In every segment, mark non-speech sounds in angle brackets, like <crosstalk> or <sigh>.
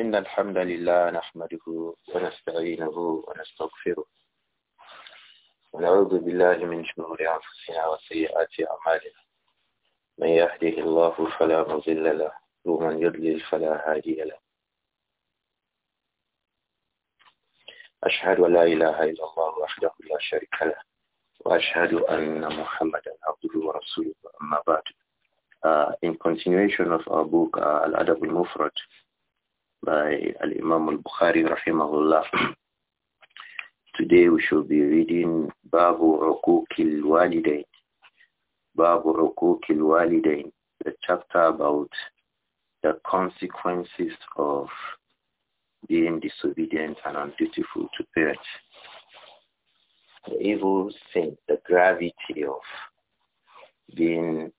إن الحمد لله نحمده ونستعينه ونستغفره ونعوذ بالله من شرور أنفسنا وسيئات أعمالنا من يهده الله فلا مضل له ومن يضلل فلا هادي له أشهد أن لا إله إلا الله وحده لا شريك له وأشهد أن محمدا عبده ورسوله أما بعد Uh, in continuation of our book uh, Al-Adab al-Mufrad by Al-Imam Al-Bukhari rahimahullah. <clears throat> Today we shall be reading Babu Uquqil Walidain. Babu rukukil Walidain, the chapter about the consequences of being disobedient and undutiful to parents. The evil sin, the gravity of being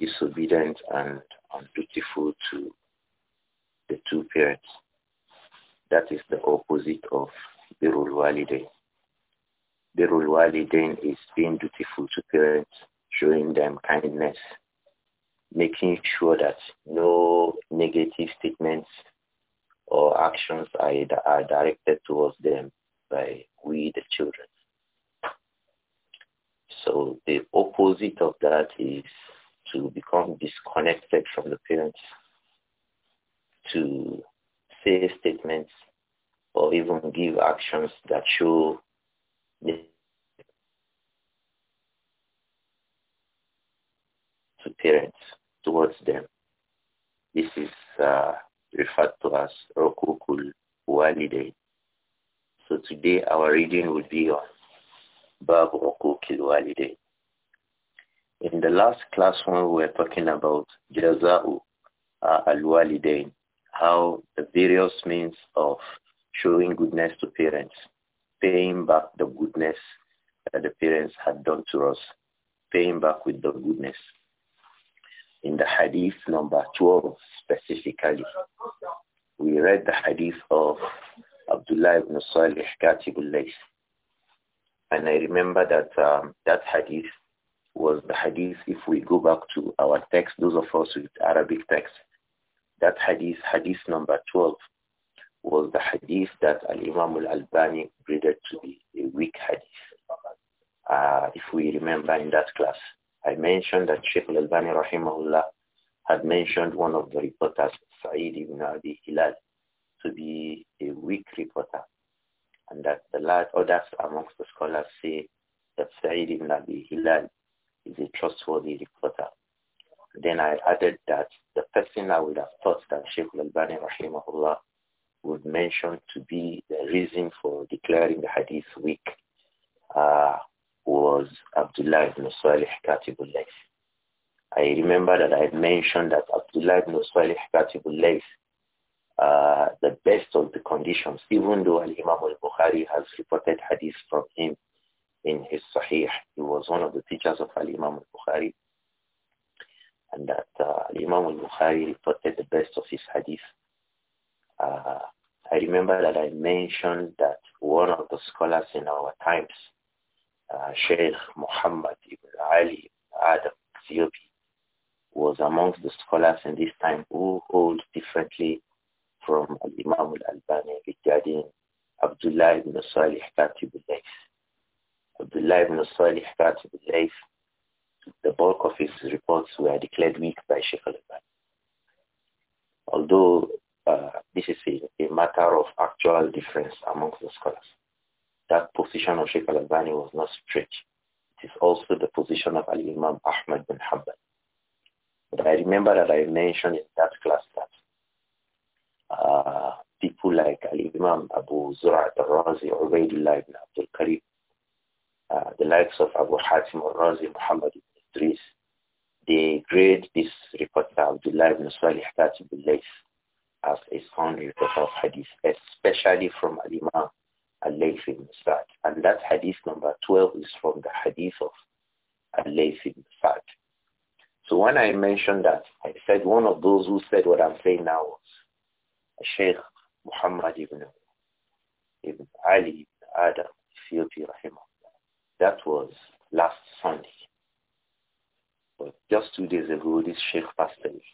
disobedient and undutiful to the two parents. That is the opposite of Birul Walidain. Birul Walidain is being dutiful to parents, showing them kindness, making sure that no negative statements or actions are, are directed towards them by we, the children. So the opposite of that is to become disconnected from the parents to say statements or even give actions that show the to parents towards them. This is uh, referred to as Rokukul Walidain. So today our reading would be on Bab Rokukul Walidain. In the last class when we were talking about Jaza'u uh, Al-Walidain, how the various means of showing goodness to parents, paying back the goodness that the parents had done to us, paying back with the goodness. In the hadith number 12 specifically, we read the hadith of Abdullah ibn Salih Katibul Lays. And I remember that um, that hadith was the hadith, if we go back to our text, those of us with Arabic text, that hadith, hadith number 12, was the hadith that Al-Imam Al-Albani graded to be a weak hadith. Uh, if we remember in that class, I mentioned that Sheikh Al-Albani rahimahullah had mentioned one of the reporters, Sa'id ibn Abi Hilal, to be a weak reporter. And that the last others amongst the scholars say that Sa'id ibn Abi Hilal is a trustworthy reporter. Then I added that the first thing I would have thought that Sheikh Al-Bani rahimahullah would mention to be the reason for declaring the hadith weak uh, was Abdullah ibn Salih al Layth. I remember that I mentioned that Abdullah ibn Salih Katibul Layth, uh, the best of the conditions, even though Al-Imam al-Bukhari has reported hadith from him in his Sahih. He was one of the teachers of Al-Imam al-Bukhari and that uh, Imam al-Bukhari reported the best of his hadith. Uh, I remember that I mentioned that one of the scholars in our times, uh, Sheikh Muhammad ibn Ali Adam Ziobi, was amongst the scholars in this time who hold differently from al Imam al-Albani regarding Abdullah ibn Salih Katib al-Layth. Abdullah ibn Salih Katib al-Layth the bulk of his reports were declared weak by Sheikh al-Albani. Although uh, this is a, a, matter of actual difference amongst the scholars. That position of Sheikh al-Albani was not strict. It is also the position of Al-Imam Ahmad bin Hanbal. But I remember that I mentioned in that class that uh, people like Al-Imam Abu Zura al-Razi, Ubaidullah ibn Abdul Karim, uh, the likes of Abu Hatim al-Razi, Muhammad ibn Idris, the great this reporter Abdullah ibn Salih Katibullah as a sound reporter of hadith, especially from Al-Imam Al-Layth ibn Sa'd. And that hadith number 12 is from the hadith of Al-Layth ibn Sa'd. So when I mentioned that, I said one of those who said what I'm saying now was Sheikh Muhammad ibn, ibn Ali ibn Adam, Ethiopia, Rahimah. That was last Sunday. But just two days ago, this Sheikh passed away.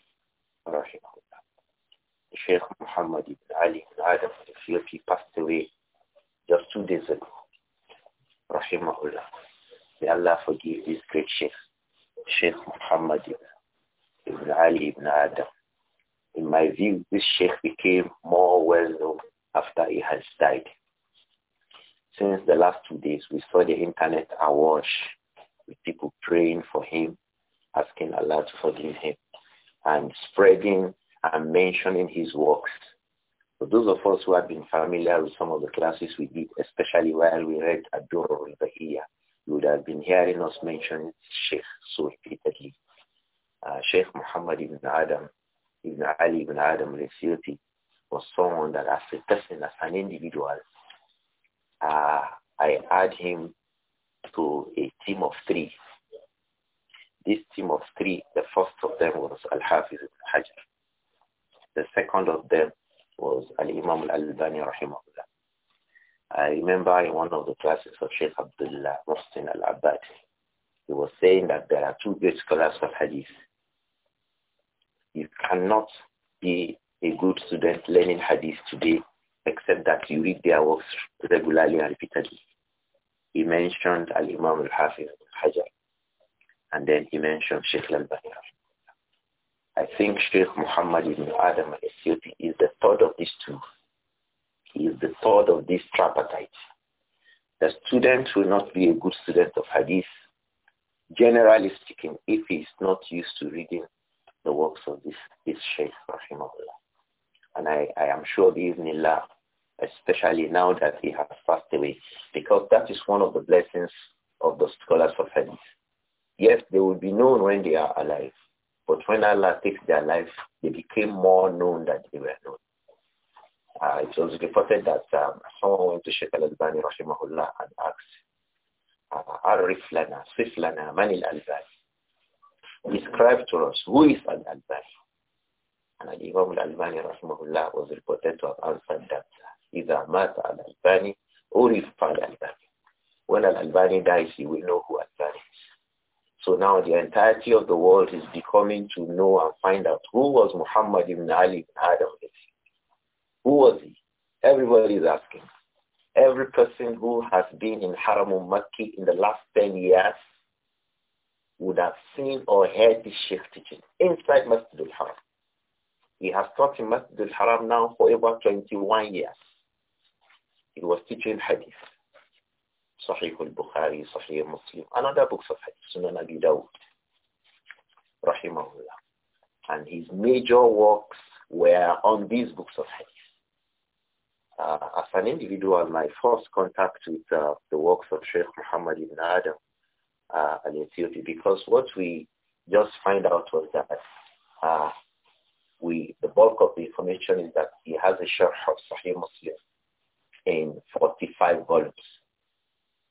Sheikh Muhammad ibn Ali ibn Adam al-Ethiopi passed away just two days ago. Rahimahullah. May Allah forgive this great Sheikh, Sheikh Muhammad ibn, ibn Ali ibn Adam. In my view, this Sheikh became more well-known after he has died. Since the last two days, we saw the internet awash with people praying for him asking Allah to forgive him and spreading and mentioning his works. For those of us who have been familiar with some of the classes we did, especially while we read Adur al-Bahiyya, you would have been hearing us mention Sheikh so repeatedly. Uh, Sheikh Muhammad ibn Adam, ibn Ali ibn Adam al-Siyuti, was someone that as a person, as an individual, uh, I add him to a team of three this team of three, the first of them was Al-Hafiz al-Hajar. The second of them was Al-Imam al-Albani rahimahullah. I remember in one of the classes of Sheikh Abdullah Mustin al-Abbad, he was saying that there are two great scholars of hadith. You cannot be a good student learning hadith today except that you read their works regularly and repeatedly. He mentioned Al-Imam al-Hafiz al-Hajar and then he mentioned Sheikh I think Sheikh Muhammad ibn Adam al-Ethiopi is the third of these two. He is the third of these tripartites. The student will not be a good student of hadith, generally speaking, if he is not used to reading the works of this, this Sheikh Rahimahullah. And I, I am sure Bismillah, especially now that he has passed away, because that is one of the blessings of the scholars of hadith Yes, they will be known when they are alive. But when Allah takes their life, they became more known than they were known. Uh, it was reported that um, someone went to Sheikh al-Albani rahimahullah and asked, uh, Arif lana, sif al-Albani. Describe to us, who is al-Albani? And al-Imam al-Albani rahimahullah was reported to have answered that, إذا مات al-Albani, عرف al-Albani. When al-Albani dies, he will know who al-Albani is. So now the entirety of the world is becoming to know and find out who was Muhammad ibn Ali ibn Adam. Who was he? Everybody is asking. Every person who has been in Haram Makki in the last 10 years would have seen or heard the sheikh teaching inside Masjid al-Haram. He has taught in Masjid al-Haram now for over 21 years. He was teaching hadith. Sahih al-Bukhari, Sahih Muslim, and other books of Sunan Abi Dawud, rahimahullah. And his major works were on these books of hadith. Uh, as an individual, my first contact with uh, the works of Sheikh Muhammad ibn Adam uh, in because what we just find out was that uh, we, the bulk of the information is that he has a sharh of Sahih Muslim in 45 volumes.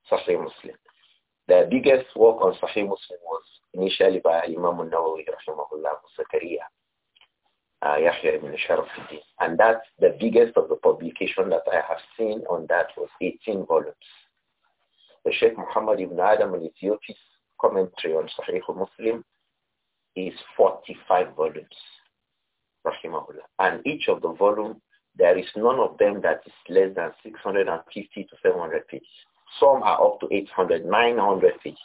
Sahih Muslim. The biggest work on Sahih Muslim was initially by Imam al-Nawawi, rahimahullah, Zakaria, uh, Yahya ibn Sharafuddin. And that's the biggest of the publication that I have seen on that was 18 volumes. The Sheikh Muhammad ibn Adam al-Ethiopi's commentary on Sahih Muslim is 45 volumes, rahimahullah. And each of the volume, there is none of them that is less than 650 to 700 pages. Some are up to 800, 900 pages.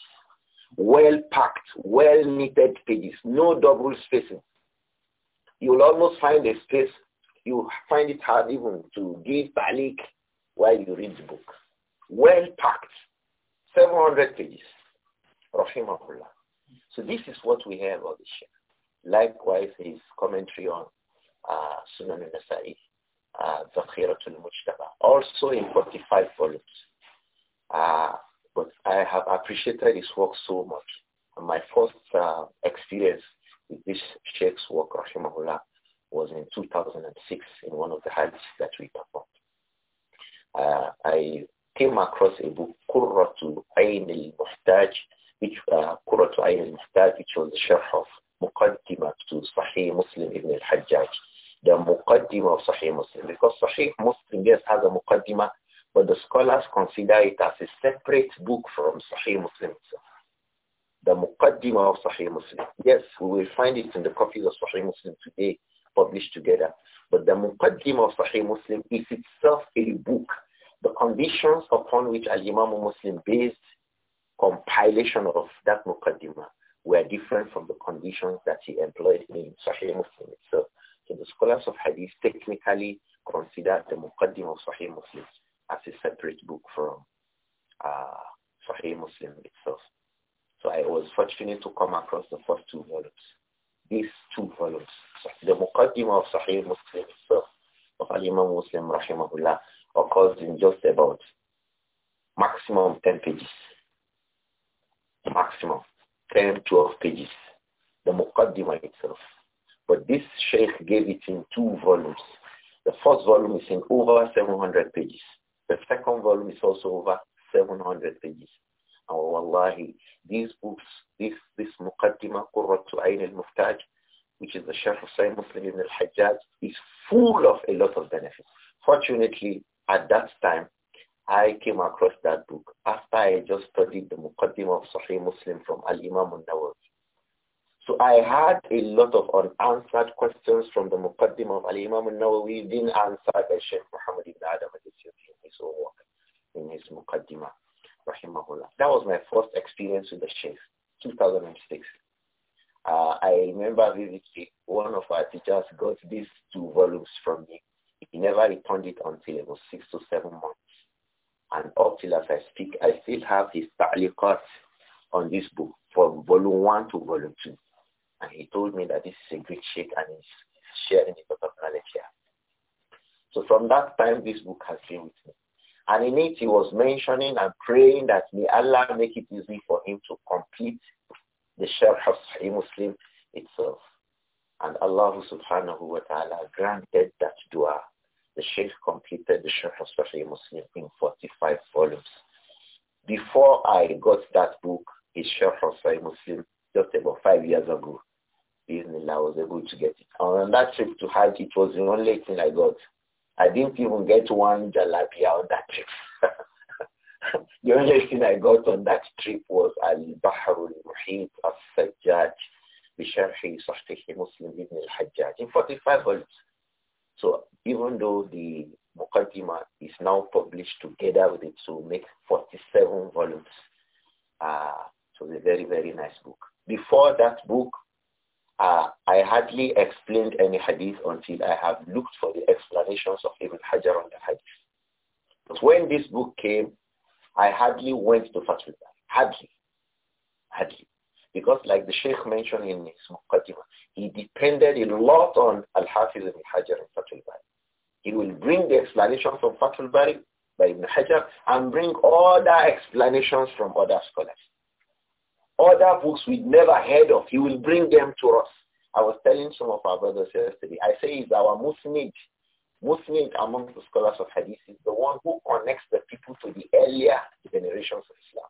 Well packed, well knitted pages, no double spacing. You'll almost find a space, you find it hard even to give balik while you read the book. Well packed, 700 pages. Rahimahullah. So this is what we have of the Shia. Likewise, his commentary on uh, Sunan al-Nasa'i, uh, Zakhiratul Mujtaba, also in 45 volumes. Uh, but I have appreciated his work so much. my first uh, experience with this Sheikh's work, Rahimahullah, was in 2006 in one of the hadiths that we performed. Uh, I came across a book, Qurratu Ayn al-Muhtaj, which, uh, Ayn al-Muhtaj, which was the sharh of Muqaddimah to Sahih Muslim Ibn al-Hajjaj. The Muqaddimah of Sahih Muslim, because Sahih Muslim, yes, has a Muqaddimah but the scholars consider it as a separate book from Sahih Muslim itself. The Muqaddimah of Sahih Muslim. Yes, we will find it in the copies of Sahih Muslim today, published together. But the Muqaddimah of Sahih Muslim is itself a book. The conditions upon which Al-Imam Muslim based compilation of that Muqaddimah were different from the conditions that he employed in Sahih Muslim itself. So the scholars of Hadith technically consider the Muqaddim of Sahih Muslim as a separate book from uh, Sahih Muslim itself. So I was fortunate to come across the first two volumes. These two volumes, the Muqaddimah of Sahih Muslim itself, of Al-Imam Muslim Rahimahullah, occurs in just about maximum 10 pages. Maximum 10, 12 pages. The Muqaddimah itself. But this sheikh gave it in two volumes. The first volume is in over 700 pages. The second volume is also over 700 pages. And oh, wallahi, these books, this, this Muqaddimah Qurratu Ayn al-Muftaj, which is the Sheikh of Muslim ibn al-Hajjaj, is full of a lot of benefits. Fortunately, at that time, I came across that book after I just studied the Muqaddimah of Sahih Muslim from Al-Imam al-Nawawi. So I had a lot of unanswered questions from the Muqaddim of Al-Imam al-Nawawi didn't answer by Sheikh Muhammad ibn Adam al in his own work, in his Muqaddimah, rahimahullah. That was my first experience with the Sheikh, 2006. Uh, I remember vividly one of our teachers got these two volumes from me. He never returned it until it was six to seven months. And up till as I speak, I still have his ta'liqat on this book from volume one to volume two. And he told me that this is a great sheikh and he's sharing the book of knowledge here. So from that time, this book has been with me. And in it, he was mentioning and praying that may Allah make it easy for him to complete the Sharh of Sahih Muslim itself. And Allah subhanahu wa ta'ala granted that dua. The Sheikh completed the Sharh of Sahih Muslim in 45 volumes. Before I got that book, his Sharh of Sahih Muslim, just about five years ago, Business, I was able to get it. On that trip to Hajj, it was the only thing I got. I didn't even get one jalapia on that trip. <laughs> the only thing I got on that trip was Al-Bahr al-Muhit al-Sajjaj بشرح Muslim مسلم al-Hajjaj in 45 volumes. So even though the Muqaddimah is now published together with it to make 47 volumes, uh, so was a very, very nice book. Before that book, uh, I hardly explained any hadith until I have looked for the explanations of Ibn Hajar on the hadith. But when this book came, I hardly went to Fatwa. Hardly. Hardly. Because like the Sheikh mentioned in his Muqaddimah, he depended a lot on Al-Hafiz Ibn Hajar and Fatwa Bari. He will bring the explanations from Fatwa Bari by Ibn Hajar and bring other explanations from other scholars. Other books we'd never heard of, he will bring them to us. I was telling some of our brothers yesterday, I say it's our Musnid. Musnid among the scholars of Hadith is the one who connects the people to the earlier generations of Islam.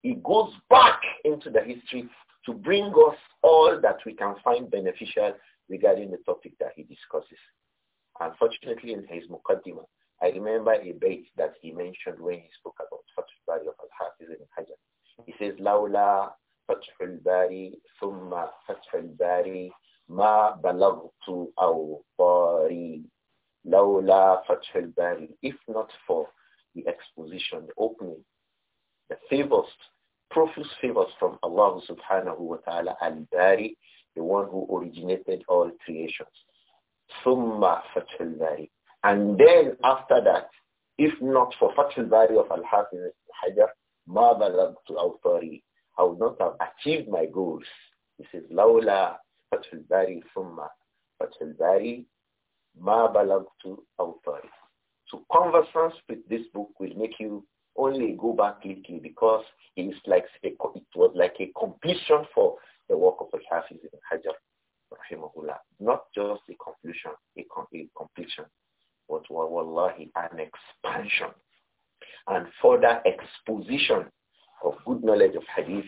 He goes back into the history to bring us all that we can find beneficial regarding the topic that he discusses. Unfortunately, in his Muqaddimah, I remember a bait that he mentioned when he spoke about the Bari of Al-Hafiz ibn Hajar. He says, لولا فتح الباري ثم فتح الباري ما بلغت أوطاري لولا فتح bari if not for the exposition, the opening, the favors, profuse favors from Allah subhanahu wa ta'ala al-Bari, the one who originated all creations. Summa Fathul Bari. And then after that, if not for Fathul Bari of Al-Hafiz al-Hajar, Ma our awtari I would not have achieved my goals. He says, Laula fatul Bari Summa fatul Bari Ma Balagtu authority. So conversance with this book will make you only go back little because it is like a, it was like a completion for the work of Al-Hafiz ibn Hajar, rahimahullah. Not just a completion, a, a completion, but wallahi an expansion and further exposition of good knowledge of hadith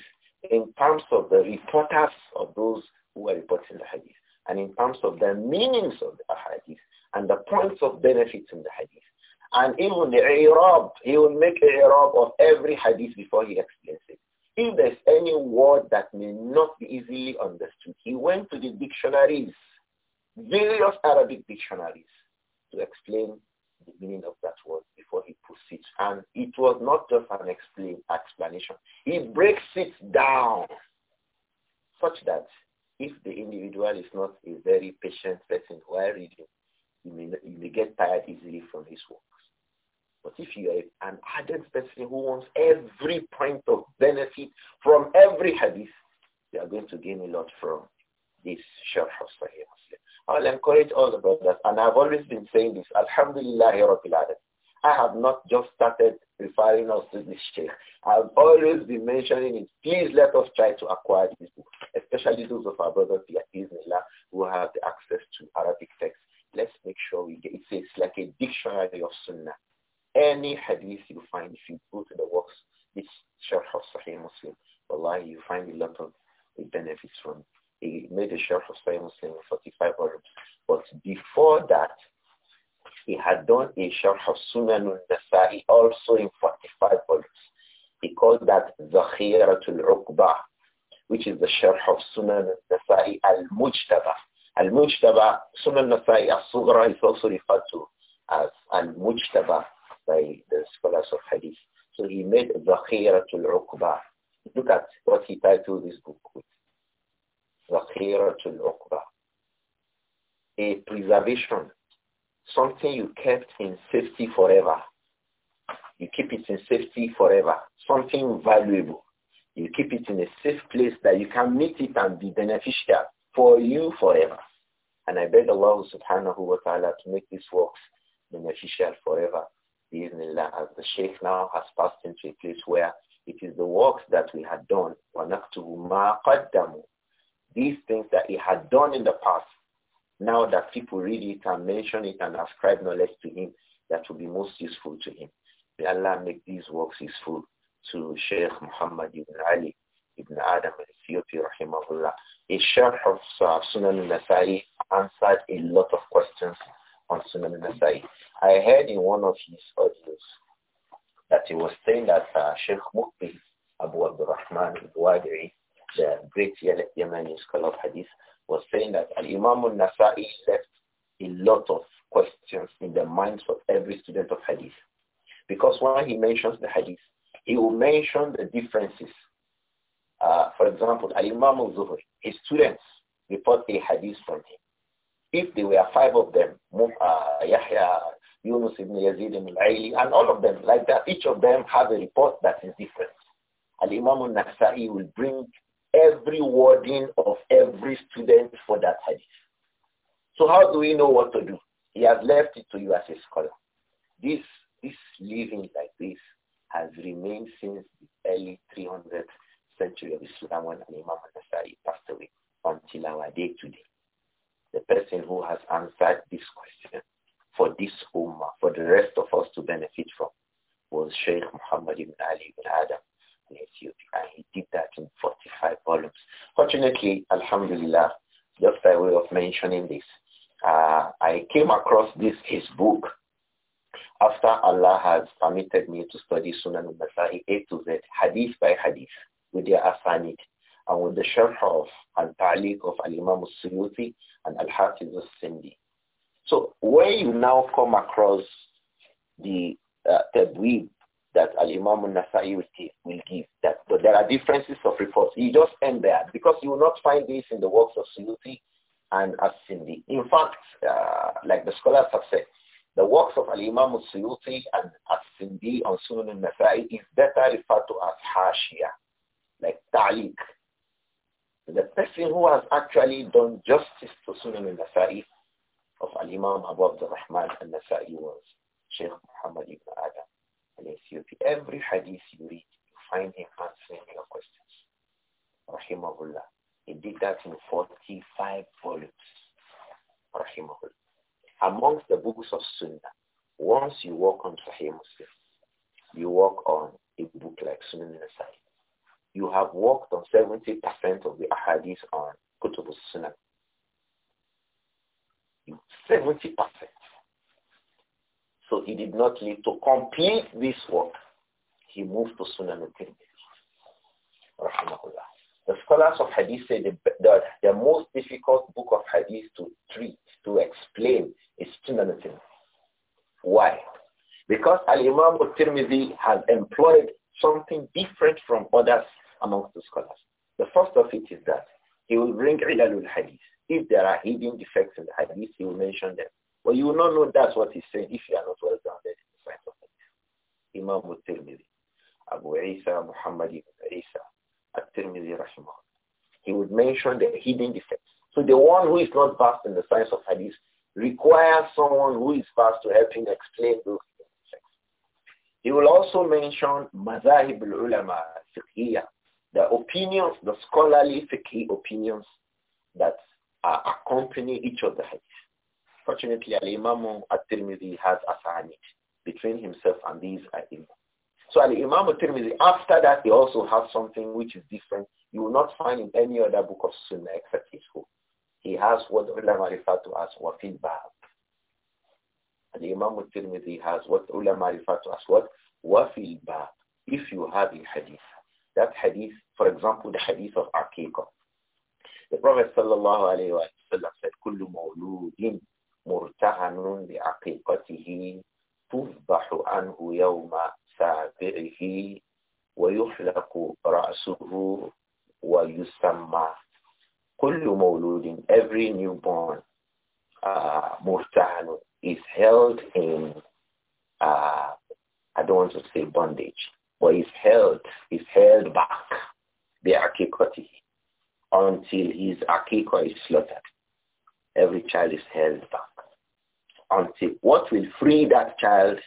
in terms of the reporters of those who are reporting the hadith and in terms of the meanings of the hadith and the points of benefit in the hadith. And even the Arab, he will make a Arab of every hadith before he explains it. If there's any word that may not be easily understood, he went to the dictionaries, various Arabic dictionaries, to explain the meaning of that word before he proceeds. And it was not just an explain, explanation. He breaks it down such that if the individual is not a very patient person while reading, you may, you may get tired easily from his works. But if you are an ardent person who wants every point of benefit from every hadith, you are going to gain a lot from this Sharh of Sahih Muslim. I'll encourage all the brothers, and I've always been saying this, Alhamdulillah, I have not just started referring us to this sheikh. I've always been mentioning it. Please let us try to acquire this book, especially those of our brothers here who have the access to Arabic texts. Let's make sure we get it. It's like a dictionary of Sunnah. Any hadith you find, if you go to the works, it's Sharh of Sahih Muslim. Wallahi, you find a lot of benefits from it. He made a shelf for Sahih Muslim 4500. But before that, he had done a sharh of Sunan al-Nasai also in 45 volumes. He called that Zakhiratul Uqba, which is the sharh of Sunan al-Nasai al-Mujtaba. Al-Mujtaba, Sunan al-Nasai al-Sughra is also referred to as al-Mujtaba by the scholars of Hadith. So he made Zakhiratul Uqba. Look at what he titled this book with. A preservation, something you kept in safety forever. You keep it in safety forever. Something valuable. You keep it in a safe place that you can meet it and be beneficial for you forever. And I beg Allah subhanahu wa ta'ala to make this work beneficial forever. Bismillah, as the Sheikh now has passed into a place where it is the works that we had done. وَنَكْتُبُ مَا قَدَّمُوا these things that he had done in the past, now that people read it and mention it and ascribe knowledge to him, that will be most useful to him. May Allah make these works useful to Sheikh Muhammad ibn Ali ibn Adam al-Ethiopi rahimahullah. A sharh of uh, Sunan al-Nasai answered a lot of questions on Sunan al-Nasai. I heard in one of his audios that he was saying that uh, Sheikh Mukbi Abu Abdurrahman al-Wadi'i the great Yemeni scholar of hadith, was saying that Al-Imam al-Nasai left a lot of questions in the minds of every student of hadith. Because when he mentions the hadith, he will mention the differences. Uh, for example, Al-Imam al-Zuhri, his students report a hadith from him. If there were five of them, uh, Yahya, Yunus ibn Yazid ibn Aili, and all of them like that, each of them have a report that is different. Al-Imam al-Nasai will bring every wording of every student for that hadith. So how do we know what to do? He has left it to you as a scholar. This, this living like this has remained since the early 300th century of Islam when Imam al-Nasai passed away until our day today. The person who has answered this question for this Ummah, for the rest of us to benefit from, was Sheikh Muhammad ibn Ali ibn Adam and he did that in 45 volumes. Fortunately, Alhamdulillah, just by way of mentioning this, uh, I came across this, his book, after Allah has permitted me to study Sunan al-Nasa'i A to Z, hadith by hadith, with the asanid, and with the sharh of al-Ta'liq of al-Imam al-Suyuti and al-Hafiz al-Sindi. So when you now come across the uh, tabweeb that Al-Imam al-Nasai will give, That, but there are differences of reports. You just end there because you will not find this in the works of Suyuti and As-Sindi. In fact, uh, like the scholars have said, the works of Al-Imam suyuti and As-Sindi on Sunan al-Nasai is better referred to as Hashia, like Talik. The person who has actually done justice to Sunan al-Nasai of Al-Imam Abu Abdul Rahman al-Nasai was Sheikh Muhammad ibn Adam. Every hadith you read, you find him answering your questions. Rahimahullah. He did that in 45 volumes. Rahimahullah. Amongst the books of Sunnah, once you walk on Sahih Muslim, you walk on a book like Sunan al-Nasai. You have worked on 70% of the ahadith on Kutub al-Sunnah. 70%. So he did not live to complete this work. He moved to Sunan al-Tirmidhi. The scholars of hadith say that the, the, most difficult book of hadith to treat, to explain is Sunan al-Tirmidhi. Why? Because Al-Imam al-Tirmidhi has employed something different from others amongst the scholars. The first of it is that he will bring ilalul hadith. If there are hidden defects in the hadith, he will mention them. But you will not know that's what he's saying if you are not well grounded in the science of Hadith. Imam al-Tirmidhi, Abu Isa Muhammad ibn Isa, al-Tirmidhi He would mention the hidden defects. So the one who is not fast in the science of hadith requires someone who is fast to help him explain those defects. He will also mention mazahib al-ulama fiqhiyah, the opinions, the scholarly fiqh opinions that accompany each of the hadith. Fortunately, Al-Imam al tirmidhi has asanid between himself and these al So Al-Imam al tirmidhi after that, he also has something which is different. You will not find in any other book of Sunnah except his own. He has what ulama refer to as wafil bab. Al-Imam al tirmidhi has what ulama refer to as what? Wafil bab. If you have a hadith. That hadith, for example, the hadith of Aqiqah. The Prophet sallallahu alayhi wa sallam said, كل مولود مرتهن بعقيقته تذبح عنه يوم سابعه ويحلق رأسه ويسمى كل مولود every newborn uh, مرتهن is held in uh, I don't want to say bondage but is held is held back بعقيقته until his akiko is slaughtered every child is held back until what will free that child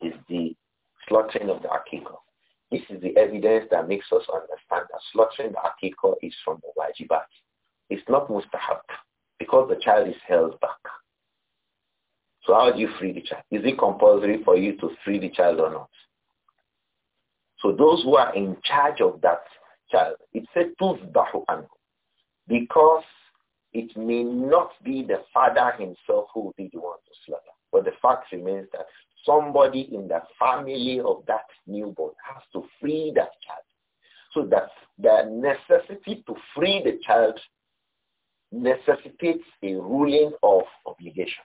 is the slaughtering of the akiko. This is the evidence that makes us understand that slaughtering the akiko is from the wajibat. It's not mustahab because the child is held back. So how do you free the child? Is it compulsory for you to free the child or not? So those who are in charge of that child, it said tuzbahu anhu because it may not be the father himself who will be the one to slaughter. But the fact remains that somebody in the family of that newborn has to free that child. So that the necessity to free the child necessitates a ruling of obligation.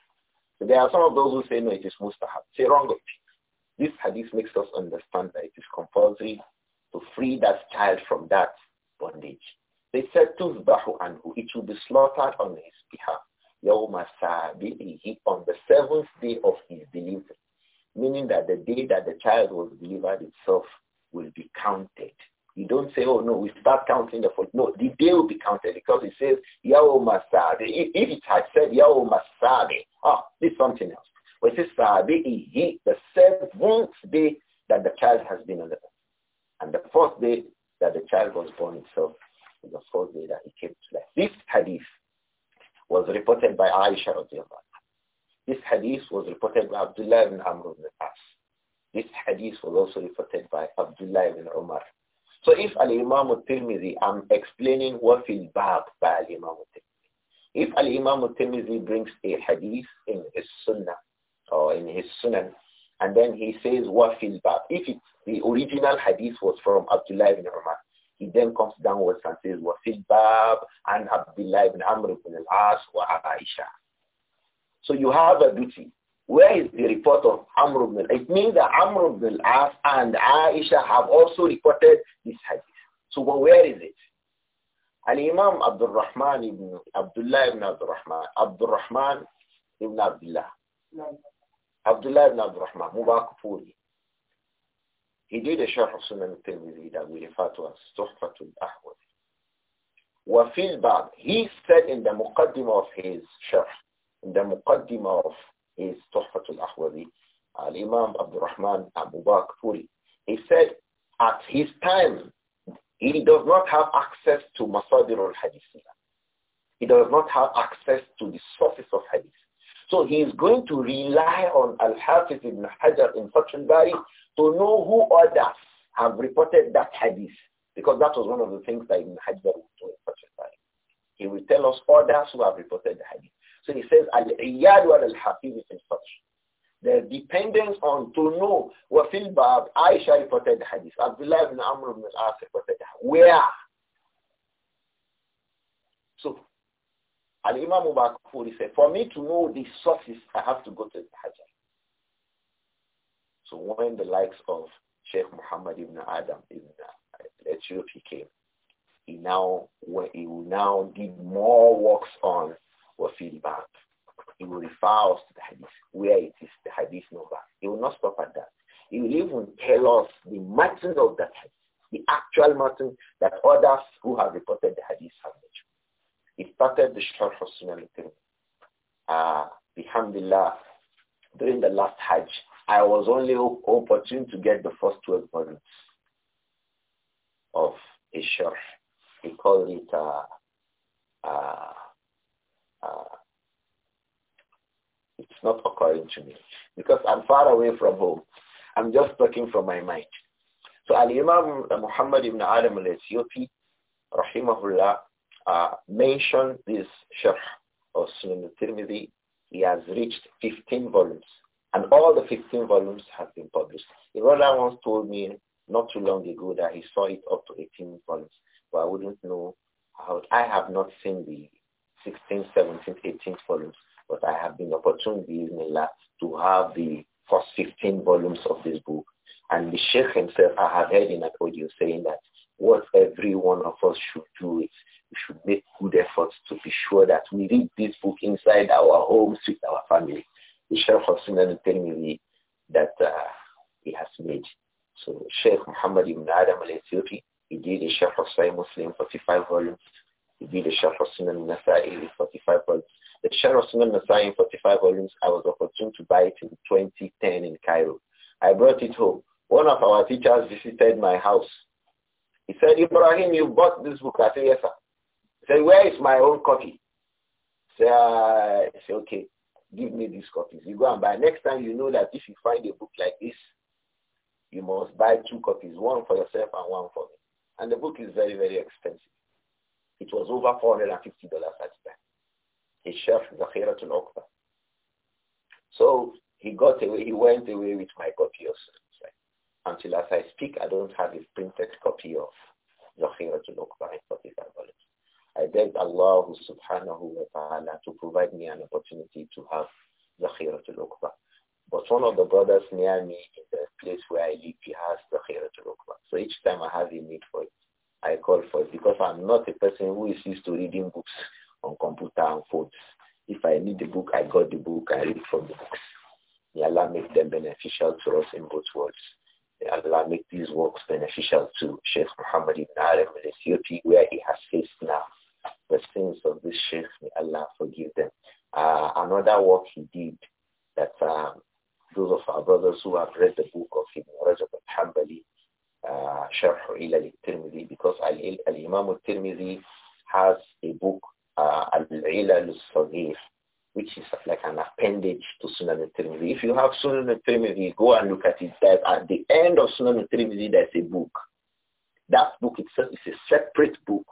So there are some of those who say, no, it is mustahab. It's a wrong opinion. This hadith makes us understand that it is compulsory to free that child from that bondage. They said, Tuzbahu anhu. It will be slaughtered on his behalf. Yawma sabi'ihi. On the seventh day of his delivery. Meaning that the day that the child was delivered itself will be counted. You don't say, oh no, we start counting the fourth. No, the day will be counted because it says, Yawma sabi. If it had said Yawma sabi, ah, it's something else. But it says sabi'ihi, the seventh day that the child has been on the earth. And the fourth day that the child was born itself the fourth day that he came to life. This hadith was reported by Aisha radiallahu This hadith was reported by Abdullah ibn Amr ibn As. This hadith was also reported by Abdullah ibn Umar. So if Al-Imam al-Tirmidhi, I'm explaining what is bab by Al-Imam al-Tirmidhi. If Al-Imam al-Tirmidhi brings a hadith in his sunnah or in his sunan, and then he says what is bab, if it's the original hadith was from Abdullah ibn Umar, he then comes downwards and says, "Wafid Bab and Abdullah ibn Amr ibn al-As wa Aisha. So you have a duty. Where is the report of Amr ibn al-As? It means that Amr ibn al-As and Aisha have also reported this hadith. So where is it? Al-Imam Abdul Rahman ibn Abdullah ibn Abdul Rahman, Abdul Rahman ibn Abdullah. Abdullah ibn Abdul Rahman, Mubarak he did a Sharh of Sunan al-Tirmidhi that we refer to as Tuhfatul Ahwad. Wafil Bab, he said in the Muqaddimah of his Sharh, in the Muqaddimah of his Tuhfatul Ahwadi, Al-Imam Abdurrahman Abu Bakr Puri, he said at his time, he does not have access to Masadir al-Hadith. He does not have access to the sources of Hadith. So he is going to rely on Al-Hafiz ibn in Fath al-Bari to know who others have reported that hadith, because that was one of the things that Ibn Hajar would do in such a time. He will tell us others who have reported the hadith. So he says, Al-Iyad wa al-Hafiz in such. The dependence on to know Wafil Bab, Aisha reported the hadith, Abdullah ibn Amr ibn al-As reported the hadith. Where? So Al-Imam Bakfuri said, for me to know these sources, I have to go to the Hajar. So when the likes of Sheikh Muhammad ibn Adam in Ethiopia came, he now he now did more works on Wafil Bab. He will refer us to the hadith, where it is the hadith number. He will not stop at that. He will even tell us the matter of that hadith the actual matter that others who have reported the hadith have mentioned. He started the Sharh for Sunnah. al-Tirmidhi. Uh, Alhamdulillah, during the last Hajj, I was only opportune to get the first 12 points of a sharh. He called it uh, uh, uh, it's not occurring to me because I'm far away from home. I'm just talking from my mind. So Al-Imam Muhammad ibn Adam al-Ethiopi, rahimahullah, uh, mentioned this sharh of Sunan al-Tirmidhi. He has reached 15 volumes. And all the 15 volumes have been published. A brother once told me not too long ago that he saw it up to 18 volumes, but I wouldn't know how. I have not seen the 16th, 17th, 18th volumes, but I have been opportunity the last to have the first 15 volumes of this book. And the Sheikh himself, I have heard in an audio saying that what every one of us should do is we should make good efforts to be sure that we read this book inside our homes with our family the Sharh of Sunan al-Tirmidhi that uh, he has made. So Sheikh Muhammad ibn Adam al-Ethiopi, he did a Sharh of Sahih Muslim, 45 volumes. He did a Sharh of Sunan al-Nasa'i, 45 volumes. The Sharh of Sunan al-Nasa'i 45 volumes, I was opportune to buy it in 2010 in Cairo. I brought it home. One of our teachers visited my house. He said, Ibrahim, you bought this book. I said, yes, sir. He said, where is my own copy? I said, uh, okay give me these copies. You go and buy. Next time you know that if you find a book like this, you must buy two copies, one for yourself and one for me. And the book is very, very expensive. It was over $450 at the time. His chef, Zakhiratul Akbar. So he got away, he went away with my copy Until as I speak, I don't have a printed copy of Zakhiratul Akbar in 45 dollars. I begged Allah subhanahu wa ta'ala to provide me an opportunity to have Zakhiratul Uqba. But one of the brothers near me in the place where I live, he has Zakhiratul Uqba. So each time I have a need for it, I call for it because I'm not a person who is used to reading books on computer and phones. If I need the book, I got the book, I read from the books. May Allah make them beneficial to us in both worlds. May Allah make these works beneficial to Sheikh Muhammad ibn Arab in Ethiopia where he has faced now the sins of this sheikh, may Allah forgive them. Uh, another work he did that um, those of our brothers who have read the book of Ibn Rajab al-Hambali, uh, Sharh al-Tirmidhi, because Al-Imam al-Tirmidhi has a book, uh, Al-Ilal al which is like an appendage to Sunan al-Tirmidhi. If you have Sunan al-Tirmidhi, go and look at it. That at the end of Sunan al-Tirmidhi, there's a book. That book itself is a separate book,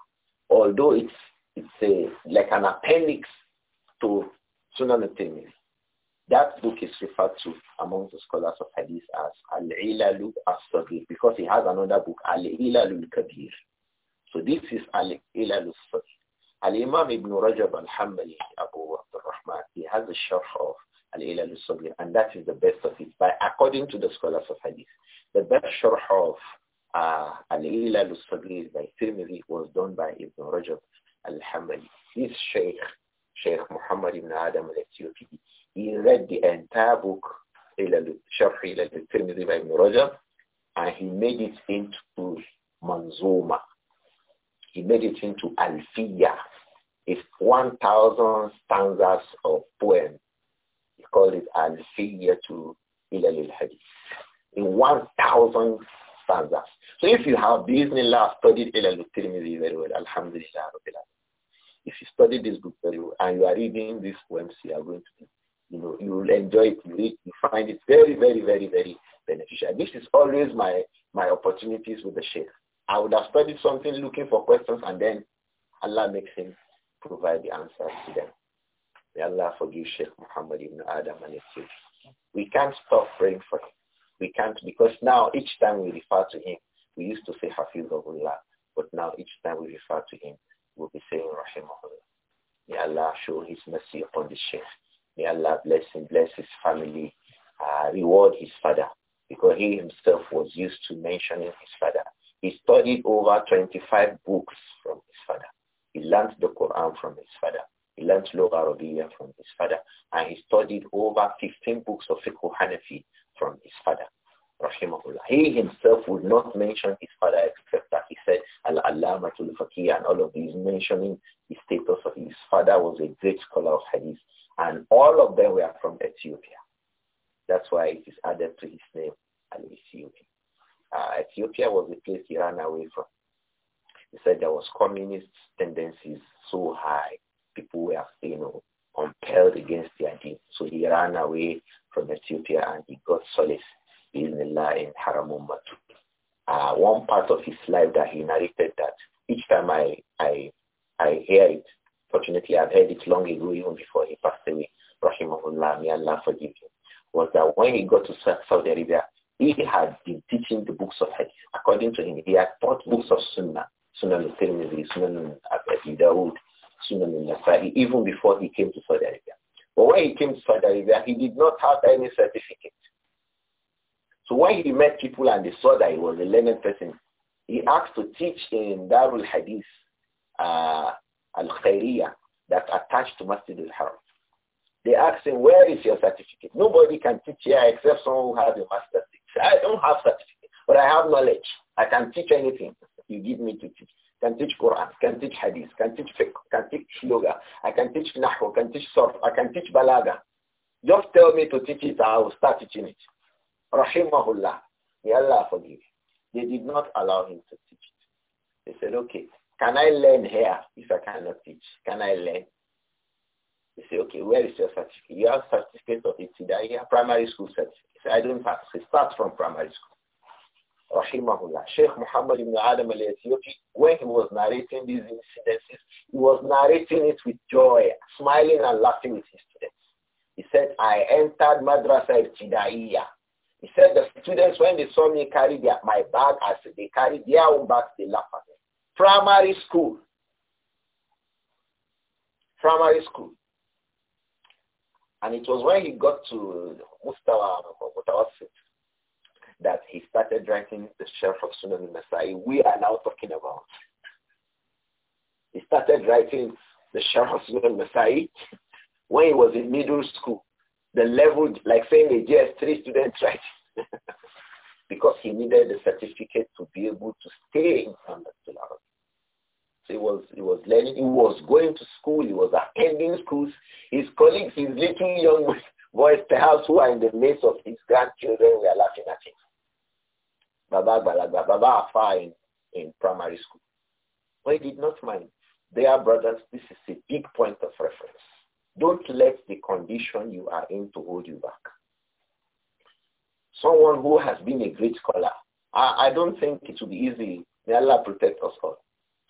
although it's it's a, like an appendix to Sunan al-Tirmidhi. That book is referred to among the scholars of Hadith as Al-Ilalu al-Sabir because he has another book, Al-Ilalu al-Kabir. So this is Al-Ilalu al-Sabir. Al-Imam Ibn Rajab al-Hambali, Abu al-Rahman, he has a sharh of Al-Ilal al-Sabir, and that is the best of it. But according to the scholars of Hadith, the best sharh of uh, Al-Ilal al-Sabir by Tirmidhi was done by Ibn Rajab al-Hamali. This Sheikh, Sheikh Muhammad ibn Adam al-Ethiopi, he read the entire book, Sharh Ilal al-Tirmidhi by Ibn Rajab, and he made it into Manzuma. He made it into Alfiya. It's 1,000 stanzas of poem. He called it Alfiya to Ilal al-Hadith. In 1,000 stanzas. So if you have Bismillah studied Ilal al-Tirmidhi very well, Alhamdulillah, if you study this book very well and you are reading these poems, you are going to, you know, you will enjoy it. You, read, you find it very, very, very, very beneficial. This is always my my opportunities with the sheikh. I would have studied something looking for questions and then Allah makes him provide the answers to them. May Allah forgive Sheikh Muhammad ibn Adam and his children. We can't stop praying for him. We can't because now each time we refer to him, we used to say Hafiz of Allah, but now each time we refer to him, will be saying, Rahimahullah. May Allah show his mercy upon the Sheikh. May Allah bless him, bless his family, uh, reward his father, because he himself was used to mentioning his father. He studied over 25 books from his father. He learned the Quran from his father. He learned Lugh Arabiya from his father. And he studied over 15 books of Fiqh Hanafi from his father rahimahullah. He himself would not mention his father except that he said al Allah Faqih and all of these mentioning the status of his father was a great scholar of hadith and all of them were from Ethiopia. That's why it is added to his name, Al-Ethiopia. Uh, Ethiopia was the place he ran away from. He said there was communist tendencies so high. People were, you know, compelled against the idea. So he ran away from Ethiopia and he got solace uh, one part of his life that he narrated that each time I, I, I hear it, fortunately I've heard it long ago even before he passed away, Rahimahullah, may Allah forgive him, was that when he got to Saudi Arabia, he had been teaching the books of Hadith. According to him, he had taught books of Sunnah, Sunnah al-Tirmidhi, Sunnah al-Abi Sunnah al-Nasai, even before he came to Saudi Arabia. But when he came to Saudi Arabia, he did not have any certificate. So when he met people and they saw that he was a learned person, he asked to teach in Darul Hadith uh, Al-Khairiyah that attached to Masjid al-Haram. They asked him, where is your certificate? Nobody can teach here except someone who has a master's degree. I don't have certificate, but I have knowledge. I can teach anything you give me to teach. Can teach Quran, can teach Hadith, can teach fiqh, can teach Yoga. I can teach Nahu, can teach Surf, I can teach Balaga. Just tell me to teach it, I will start teaching it. Rahimahullah. May Allah forgive. They did not allow him to teach it. They said, okay, can I learn here if I cannot teach? Can I learn? They say, okay, where is your certificate? You have certificate of Ibtidaiya, primary school certificate. Say, I don't have. So start from primary school. Rahimahullah. Sheikh Muhammad ibn Adam al when he was narrating these incidences, he was narrating it with joy, smiling and laughing with his students. He said, I entered Madrasa Ibtidaiya. He said the students, when they saw me carry their, my bag as they carried their own bags, they laughed at me. Primary school. Primary school. And it was when he got to Mustawa that he started writing the share of Sunan al we are now talking about. He started writing the share of Sunan al when he was in middle school the level, like saying a GS3 student, <laughs> right? because he needed the certificate to be able to stay in Sandatul Arab. So he was, he was learning, he was going to school, he was attending schools. His colleagues, his little young <laughs> boys perhaps who are in the midst of his grandchildren were laughing at him. Baba Balagba, Baba Afa in, in primary school. But he did not mind. Dear brothers, this is a big point of reference. Don't let condition you are in to hold you back. Someone who has been a great scholar. I, I don't think it will be easy. May Allah protect us all.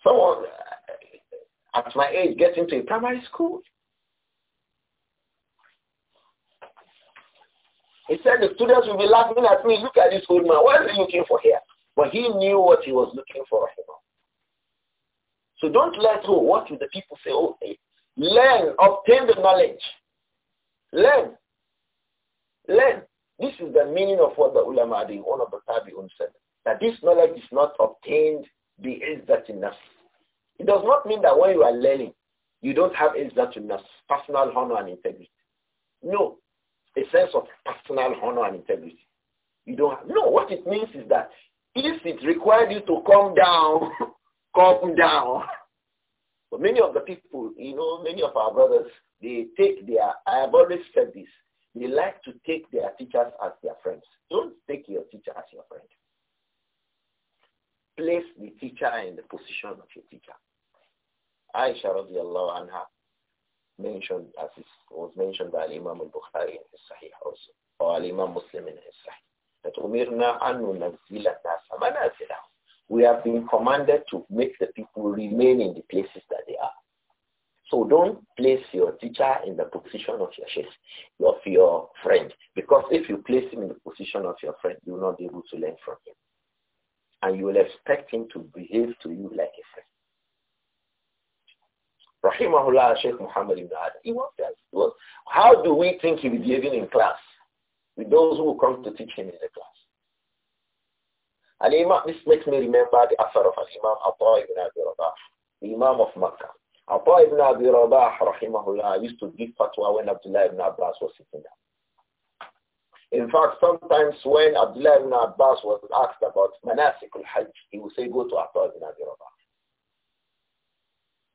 Someone uh, at my age getting into a primary school. He said the students will be laughing at me. Look at this old man. What is he looking for here? But he knew what he was looking for. So don't let go. What will the people say? Oh, learn, obtain the knowledge. Learn. Learn. This is the meaning of what the ulama, the one of the tabi'un said, that this knowledge is not obtained the izzat nafs. It does not mean that when you are learning, you don't have izzat nafs, personal honor and integrity. No, a sense of personal honor and integrity. You don't have, no, what it means is that if it required you to come down, <laughs> come down. <laughs> But many of the people, you know, many of our brothers, they take their, I have always said this, they like to take their teachers as their friends. Don't take your teacher as your friend. Place the teacher in the position of your teacher. Aisha radiallahu anha mentioned, as it was mentioned by Imam al-Bukhari in his Sahih also, or Imam Muslim in his Sahih, that umirna annu nasa we have been commanded to make the people remain in the places that they are. So don't place your teacher in the position of your chef, of your friend. Because if you place him in the position of your friend, you will not be able to learn from him. And you will expect him to behave to you like a friend. Rahimahullah Sheikh Muhammad ibn Adam. He was, how do we think he will be behaving in class with those who come to teach him in the class? And Imam, this makes me remember the affair of Imam Atta ibn Abi Rabah, the Imam of Makkah. Atta ibn Abi Rabah, rahimahullah, used to give fatwa when Abdullah ibn Abbas was sitting down. In fact, sometimes when Abdullah ibn Abbas was asked about manasik al-hajj, he would say, go to Atta ibn Abi Rabah.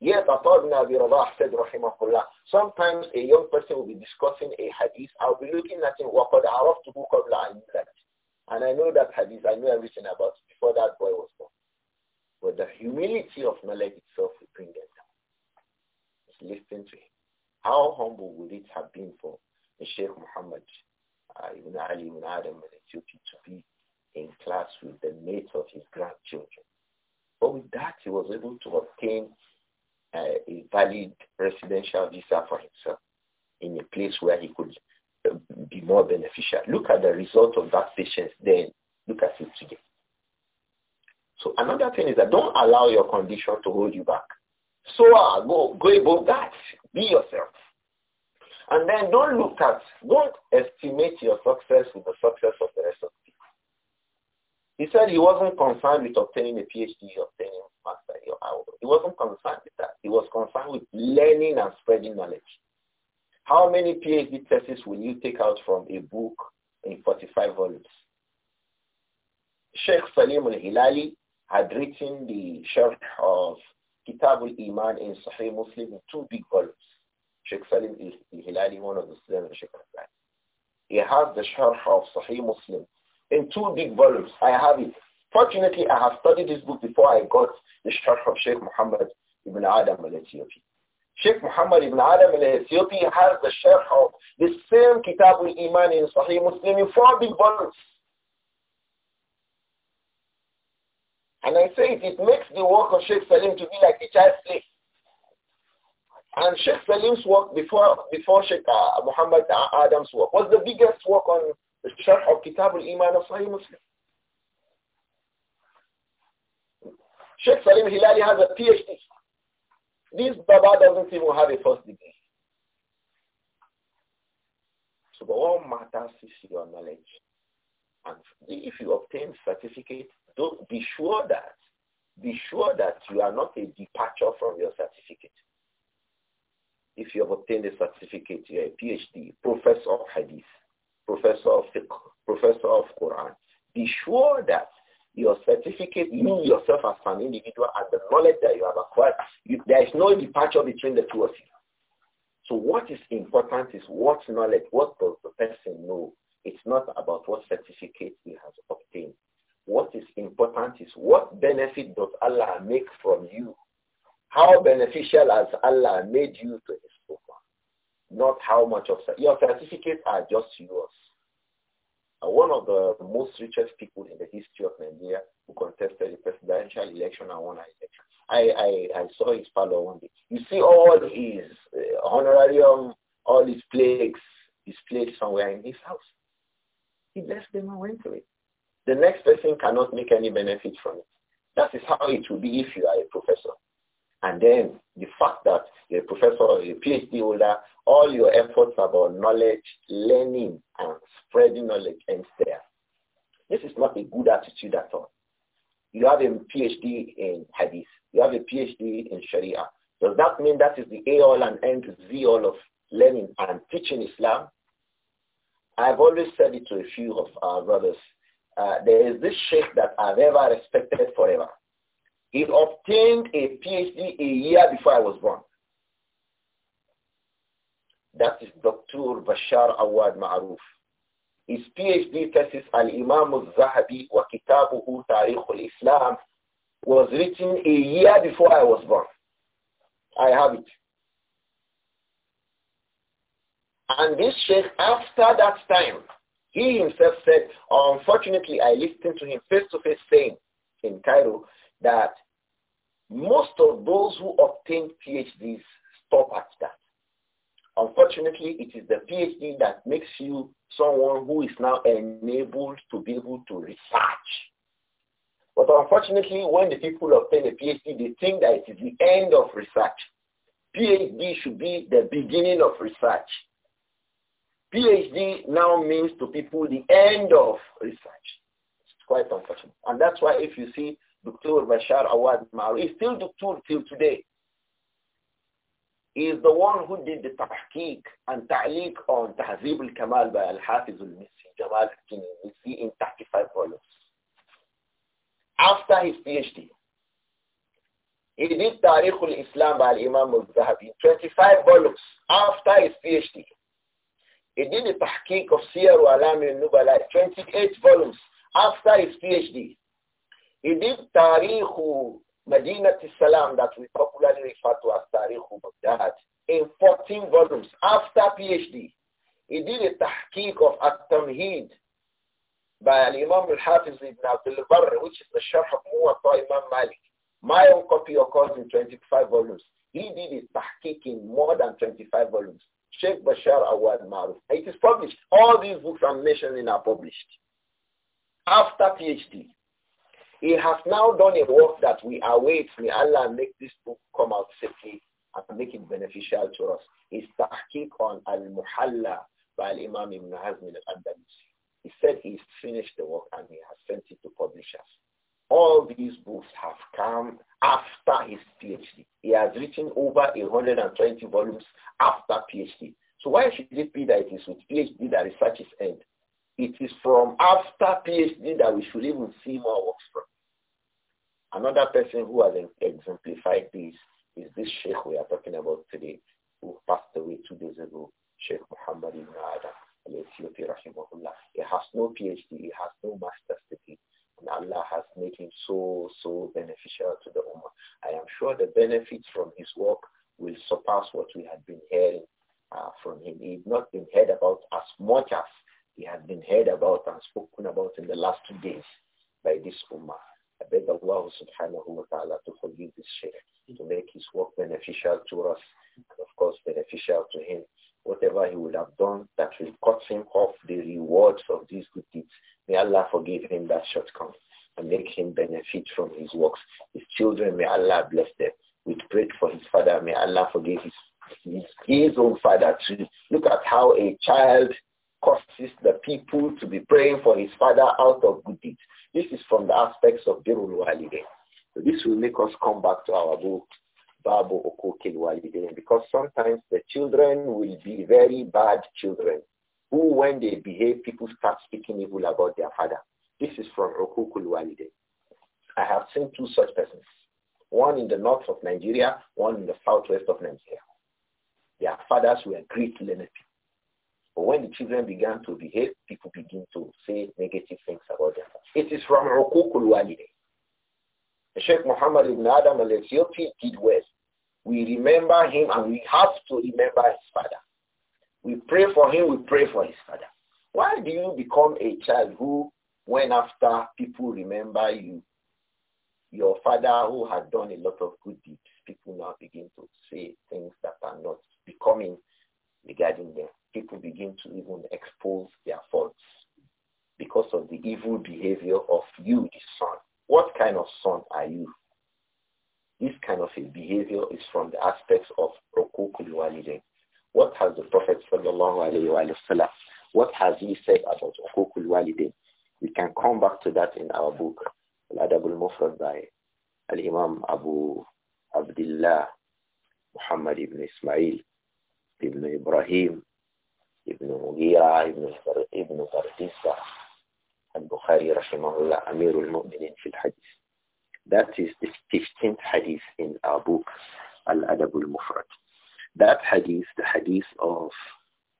Yet Atta ibn Abi Rabah said, rahimahullah, sometimes a young person will be discussing a hadith. I'll be looking at him, "Waqad وَقَدْ عَرَفْتُهُ قَبْلَ أَنْ And I know that hadith. I know everything about it before that boy was born. But the humility of knowledge itself will bring it listening to him. How humble would it have been for Sheikh Muhammad uh, Ibn Ali Ibn Adam in Ethiopia to be in class with the mates of his grandchildren? But with that, he was able to obtain uh, a valid residential visa for himself in a place where he could um, be more beneficial. Look at the result of that patience then. Look at it today. So another thing is that don't allow your condition to hold you back soar, uh, go, go above that. Be yourself. And then don't look at, don't estimate your success with the success of the rest of people. He said he wasn't concerned with obtaining a PhD, obtaining a master. He wasn't concerned with that. He was concerned with learning and spreading knowledge. How many PhD theses will you take out from a book in 45 volumes? Sheikh Salim al-Hilali had written the Sharh of Kitab al-Iman in Sahih Muslim in two big volumes. Sheikh Salim al-Hilali, one of the students of Sheikh al He has the Sharh of Sahih Muslim in two big volumes. I have it. Fortunately, I have studied this book before I got the Sharh of Sheikh Muhammad ibn Adam al-Ethiopi. Sheikh Muhammad ibn Adam al-Ethiopi has the Sharh of the same Kitab al-Iman in Sahih Muslim in four big volumes. And I say it, makes the work of Sheikh Salim to be like a child slave. And Sheikh Salim's work before, before Sheikh uh, Muhammad Adam's work was the biggest work on the Sharh of Kitab al-Iman of Sahih Muslim. Sheikh Salim Hilali has a PhD. This Baba doesn't even have a first degree. So all matters is your knowledge. And if you obtain certificate, don't be sure that be sure that you are not a departure from your certificate. If you have obtained a certificate, you are a PhD, professor of hadith, professor of fiqh, professor of Quran. Be sure that your certificate, you yourself as an individual, and the knowledge that you have acquired, you, there is no departure between the two of you. So what is important is what knowledge, what does the person know? It's not about what certificate he has obtained. What is important is what benefit does Allah make from you? How beneficial has Allah made you to his ummah? Not how much of your certificates are just yours. one of the most richest people in the history of Nigeria who contested the presidential election and won an election. I, I, I saw his parlor one day. You see all his uh, honorarium, all his plagues displayed somewhere in his house. He left them and went to it the next person cannot make any benefit from it. That is how it will be if you are a professor. And then the fact that you're a professor or a PhD holder, all your efforts about knowledge, learning, and spreading knowledge ends there. This is not a good attitude at all. You have a PhD in Hadith. You have a PhD in Sharia. Does that mean that is the A-all and end Z-all of learning and teaching Islam? I've always said it to a few of our brothers uh, there is this sheikh that I've ever respected forever. He obtained a PhD a year before I was born. That is Dr. Bashar Awad Ma'aruf. His PhD thesis, Al-Imam al-Zahabi wa Kitabuhu Tarikh al-Islam, was written a year before I was born. I have it. And this sheikh, after that time, he himself said, unfortunately, I listened to him face to face saying in Cairo that most of those who obtain PhDs stop at that. Unfortunately, it is the PhD that makes you someone who is now enabled to be able to research. But unfortunately, when the people obtain a PhD, they think that it is the end of research. PhD should be the beginning of research. PhD now means to people the end of research. It's quite unfortunate. And that's why if you see Dr. Bashar Awad Maru, he's still Dr. till today. He's the one who did the tahqiq and ta'liq on Tahzib al-Kamal by Al-Hafiz al-Misri, Jamal al-Misri in 35 volumes. After his PhD, he did Tariq al-Islam by al Imam al-Zahabi, 25 volumes after his PhD. He did the tahqiq of Siyar Alam Nubala, 28 volumes after his PhD. He did Tarihu Medina Salam that we popularly refer to as of Baghdad in 14 volumes after PhD. He did a tahqiq of At-Tamheed by Imam Al-Hafiz Ibn Abdul Barr, which is the Sharh of Muwatta Imam Malik. My own copy occurs in 25 volumes. He did a tahqiq in more than 25 volumes. Sheikh Bashar Awad Maruf. It is published. All these books I'm mentioning are published. After PhD, he has now done a work that we await. May Allah make this book come out safely and make it beneficial to us. His tahqiq on Al-Muhalla by Imam Ibn Hazm al-Andalusi. He said he's finished the work and he has sent it to publishers. All these books have come after his PhD. He has written over 120 volumes after PhD. So why should it be that it is with PhD that research is end? It is from after PhD that we should even see more works from. Another person who has exemplified this is this sheikh we are talking about today, who passed away two days ago, Sheikh Muhammad ibn Adam al He has no PhD, he has no master's degree, Allah has made him so, so beneficial to the Ummah. I am sure the benefits from his work will surpass what we had been hearing uh, from him. He had not been heard about as much as he had been heard about and spoken about in the last two days by this Ummah. I beg Allah subhanahu wa ta'ala to forgive this sheikh, to make his work beneficial to us and of course beneficial to him whatever he would have done that will cut him off the rewards of these good deeds. May Allah forgive him that shortcoming and make him benefit from his works. His children, may Allah bless them. We prayed for his father. May Allah forgive his, his, his own father too. Look at how a child causes the people to be praying for his father out of good deeds. This is from the aspects of Birul Walidain. So this will make us come back to our book Babu Because sometimes the children will be very bad children who, when they behave, people start speaking evil about their father. This is from Okukul Walidain. I have seen two such persons, one in the north of Nigeria, one in the southwest of Nigeria. Their fathers were great learned But when the children began to behave, people begin to say negative things about them. It is from Rukukul Walidain. Sheikh Muhammad ibn Adam al-Ethiopi did well. We remember him and we have to remember his father. We pray for him, we pray for his father. Why do you become a child who went after people remember you? Your father who had done a lot of good deeds, people now begin to say things that are not becoming regarding them. People begin to even expose their faults because of the evil behavior of you, the son. What kind of son are you? This kind of a behavior is from the aspects of Rukukul Walidain. What has the Prophet sallallahu alayhi wa sallam, what has he said about Rukukul Walidain? We can come back to that in our book, Al-Adab mufrad by Al-Imam Abu Abdullah Muhammad ibn Ismail ibn Ibrahim ibn Mughira ibn, ibn Zardisa al-Bukhari rahimahullah Amirul Mu'minin fil Hadith. That is the 15th hadith in our book, Al-Adab al-Mufrad. That hadith, the hadith of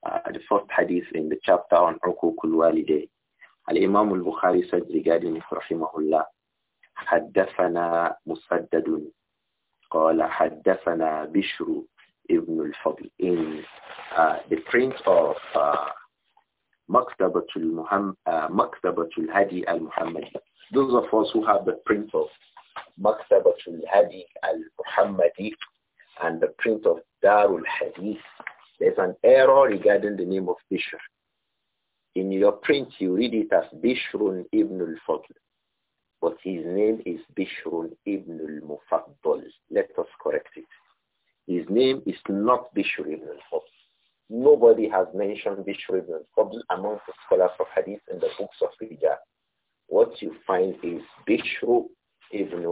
uh, the fourth hadith in the chapter on Uqukul Waliday, Al-Imam al-Bukhari said regarding it, rahimahullah, حدثنا مسدد قال حدثنا بشر ابن الفضل in uh, the print of uh, مكتبة, المهم, uh, مكتبة الهدي المحمدي those of us who have the print of Maktabatul Hadi al and the print of Darul Hadith, there's an error regarding the name of Bishr. In your print, you read it as Bishrun ibn al-Fadl, but his name is Bishrun ibn al-Mufaddal. Let us correct it. His name is not Bishr ibn al-Fadl. Nobody has mentioned Bishr ibn al-Fadl among the scholars of Hadith in the books of Rijal. What you find is Bishr Ibn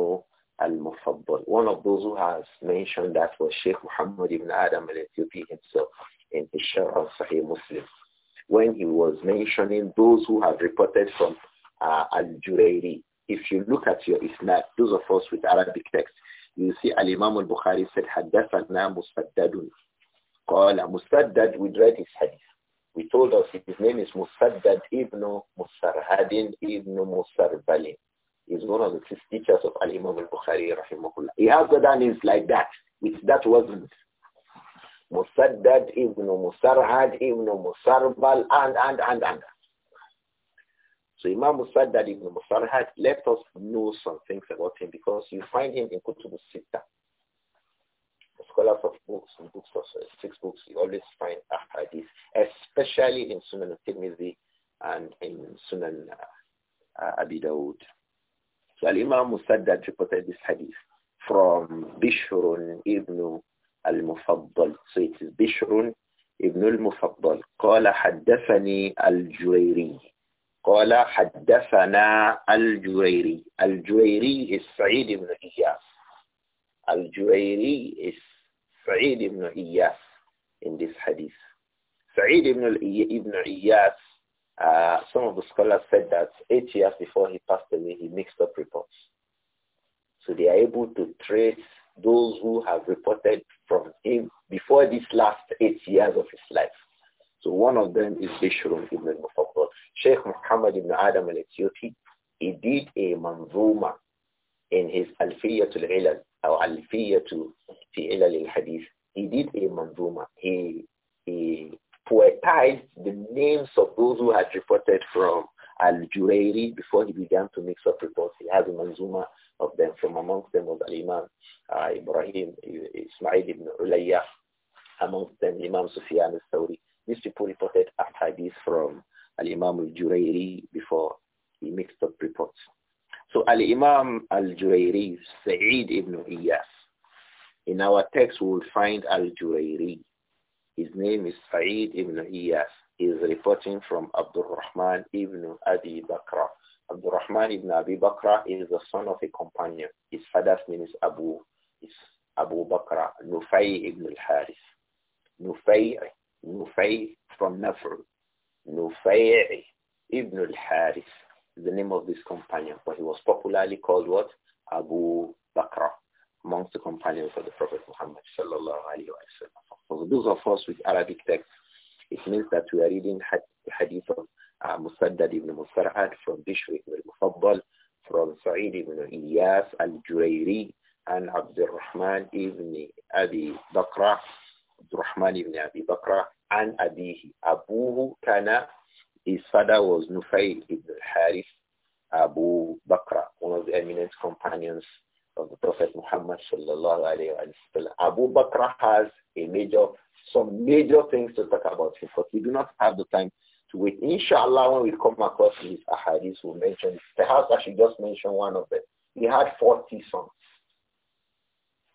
al mufaddal One of those who has mentioned that was Sheikh Muhammad ibn Adam al-Ethiopi himself in his Sharh of Sahih Muslim when he was mentioning those who have reported from uh, al-Jurayri. If you look at your Islam, those of us with Arabic text, you see Al-Imam al-Bukhari said, حَدَّثَنَا مُسْتَدَّدٌ قال مُسْتَدَّد, we read his hadith. We told us his name is Musaddad ibn Musarhadin ibn Musarbalin is one of the teachers of Al-Imam al-Bukhari, rahimahullah. He has done is like that, which that wasn't. Musaddad ibn Musarhad ibn Musarbal and, and, and, and. So Imam Musaddad ibn Musarhad let us know some things about him because you find him in Kutub Sita. Scholars of books, books of uh, six books, you always find ahadith, especially in Sunan al-Tirmidhi and in Sunan uh, uh Abi Dawud. So Al-Imam Musaddad reported this hadith from Bishrun ibn al-Mufaddal. So it is Bishrun ibn al-Mufaddal. قال حدثني الجريري. قال حدثنا الجريري. الجريري is Sa'id ibn Iyas. Al-Juwayri is Sa'id ibn Iyas in this hadith. Sa'id ibn, ibn Iyas uh, some of the scholars said that eight years before he passed away, he mixed up reports. So they are able to trace those who have reported from him before these last eight years of his life. So one of them is Bishrun ibn al-Mufaddal. Sheikh Muhammad ibn Adam al-Ethiopi, he did a manzuma in his Alfiyatul Ilal, or Alfiyatul Fi Ilal al-Hadith. He did a manzuma. He, he Poetized the names of those who had reported from al Jureiri before he began to mix up reports. He has a manzuma of them from amongst them was Al-Imam uh, Ibrahim Ismail ibn Ulayya, amongst them Imam Sufyan al-Thawri. These people reported hadith from Al-Imam al Jureiri before he mixed up reports. So Al-Imam al Jureiri Sa'id ibn Iyas. In our text we will find al Jureiri. His name is Sa'id ibn Iyas. He is reporting from Abdul Rahman ibn Abi Bakra. Abdul Rahman ibn Abi Bakra is the son of a companion. His father's name is Abu, is Abu Bakra, Nufay ibn al-Haris. Nufay, Nufay from Nafr. Nufay ibn al-Haris is the name of this companion, but he was popularly called what? Abu Bakra amongst the companions of the Prophet Muhammad sallallahu For those of us with Arabic texts, it means that we are reading hadith of uh, Musaddad ibn Musarhad from Bishr ibn al-Mufaddal, from Sa'id ibn Ilyas al-Jurayri, and Abdul Rahman ibn Abi Bakra, Abdul Rahman ibn Abi Bakra, and Abihi. Abu Kana, his father was Nufayl ibn al-Harith, Abu Bakra, one of the eminent companions of the Prophet Muhammad sallallahu alayhi wa Abu Bakr has a major, some major things to talk about him, but we do not have the time to wait. Inshallah, when we come across these ahadith, we'll mention Perhaps I should just mention one of them. He had 40 sons.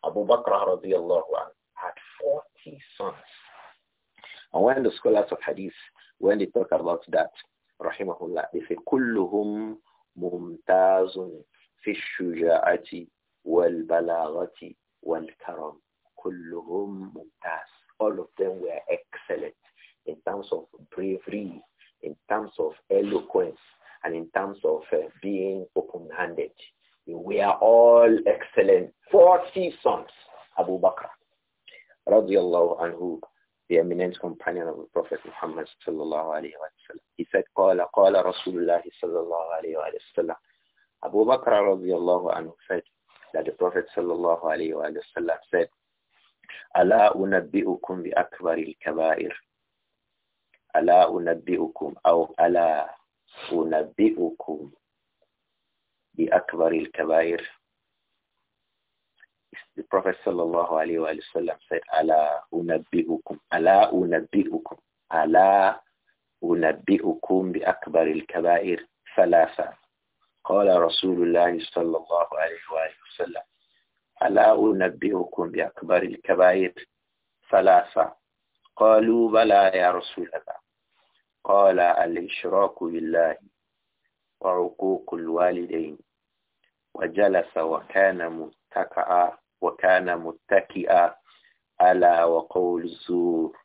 Abu Bakr radiallahu anhu had 40 sons. And when the scholars of hadith, when they talk about that, rahimahullah, they say, كلهم ممتاز في الشجاعة والبلاغة والكرم كلهم ممتاز all of them were excellent in terms of bravery in terms of eloquence and in terms of uh, being open-handed we are all excellent 40 sons Abu Bakr radiallahu anhu the eminent companion of the Prophet Muhammad sallallahu alayhi wa sallam. He said, قال قال رسول الله صلى الله عليه وسلم Abu Bakr radiallahu anhu said, sallallahu alayhi wa sallam said, Ala unabbi'ukum bi akbaril kabair. Ala unabbi'ukum, aw ala unabbi'ukum bi akbaril kabair. The Prophet sallallahu alayhi wa sallam said, Ala unabbi'ukum, ala unabbi'ukum, ala unabbi'ukum bi akbaril kabair. Thalafa. Qala Rasulullah sallallahu أنبئكم بأكبر الكبائر ثلاثة قالوا بلى يا رسول الله قال الإشراك بالله وعقوق الوالدين وجلس وكان متكئا وكان متكئا ألا وقول الزور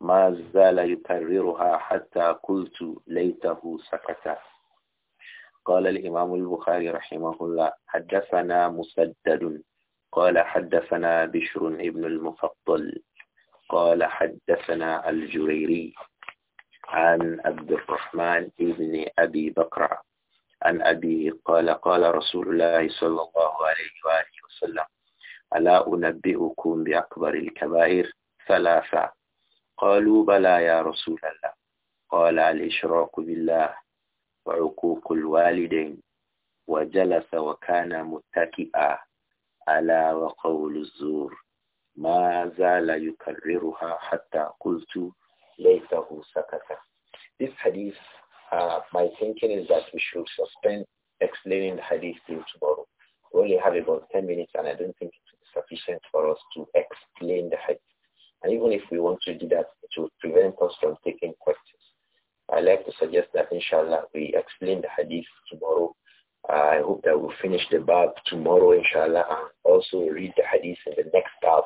ما زال يكررها حتى قلت ليته سكت قال الإمام البخاري رحمه الله حدثنا مسدد قال حدثنا بشر بن المفضل قال حدثنا الجريري عن عبد الرحمن بن أبي بكر عن أبي قال قال رسول الله صلى الله عليه وآله وسلم ألا أنبئكم بأكبر الكبائر ثلاثة قالوا بلى يا رسول الله قال الإشراك بالله وعقوق الوالدين وجلس وكان متكئا ألا وقول الزور ما زال يكررها حتى قلت ليته سكت This hadith, uh, my thinking is that we should suspend explaining the hadith till tomorrow. We only have about 10 minutes and I don't think it is sufficient for us to explain the hadith. And even if we want to do that, it will prevent us from taking questions. I like to suggest that inshallah we explain the hadith tomorrow I hope that we'll finish the bab tomorrow, inshallah, and also read the hadith in the next bab,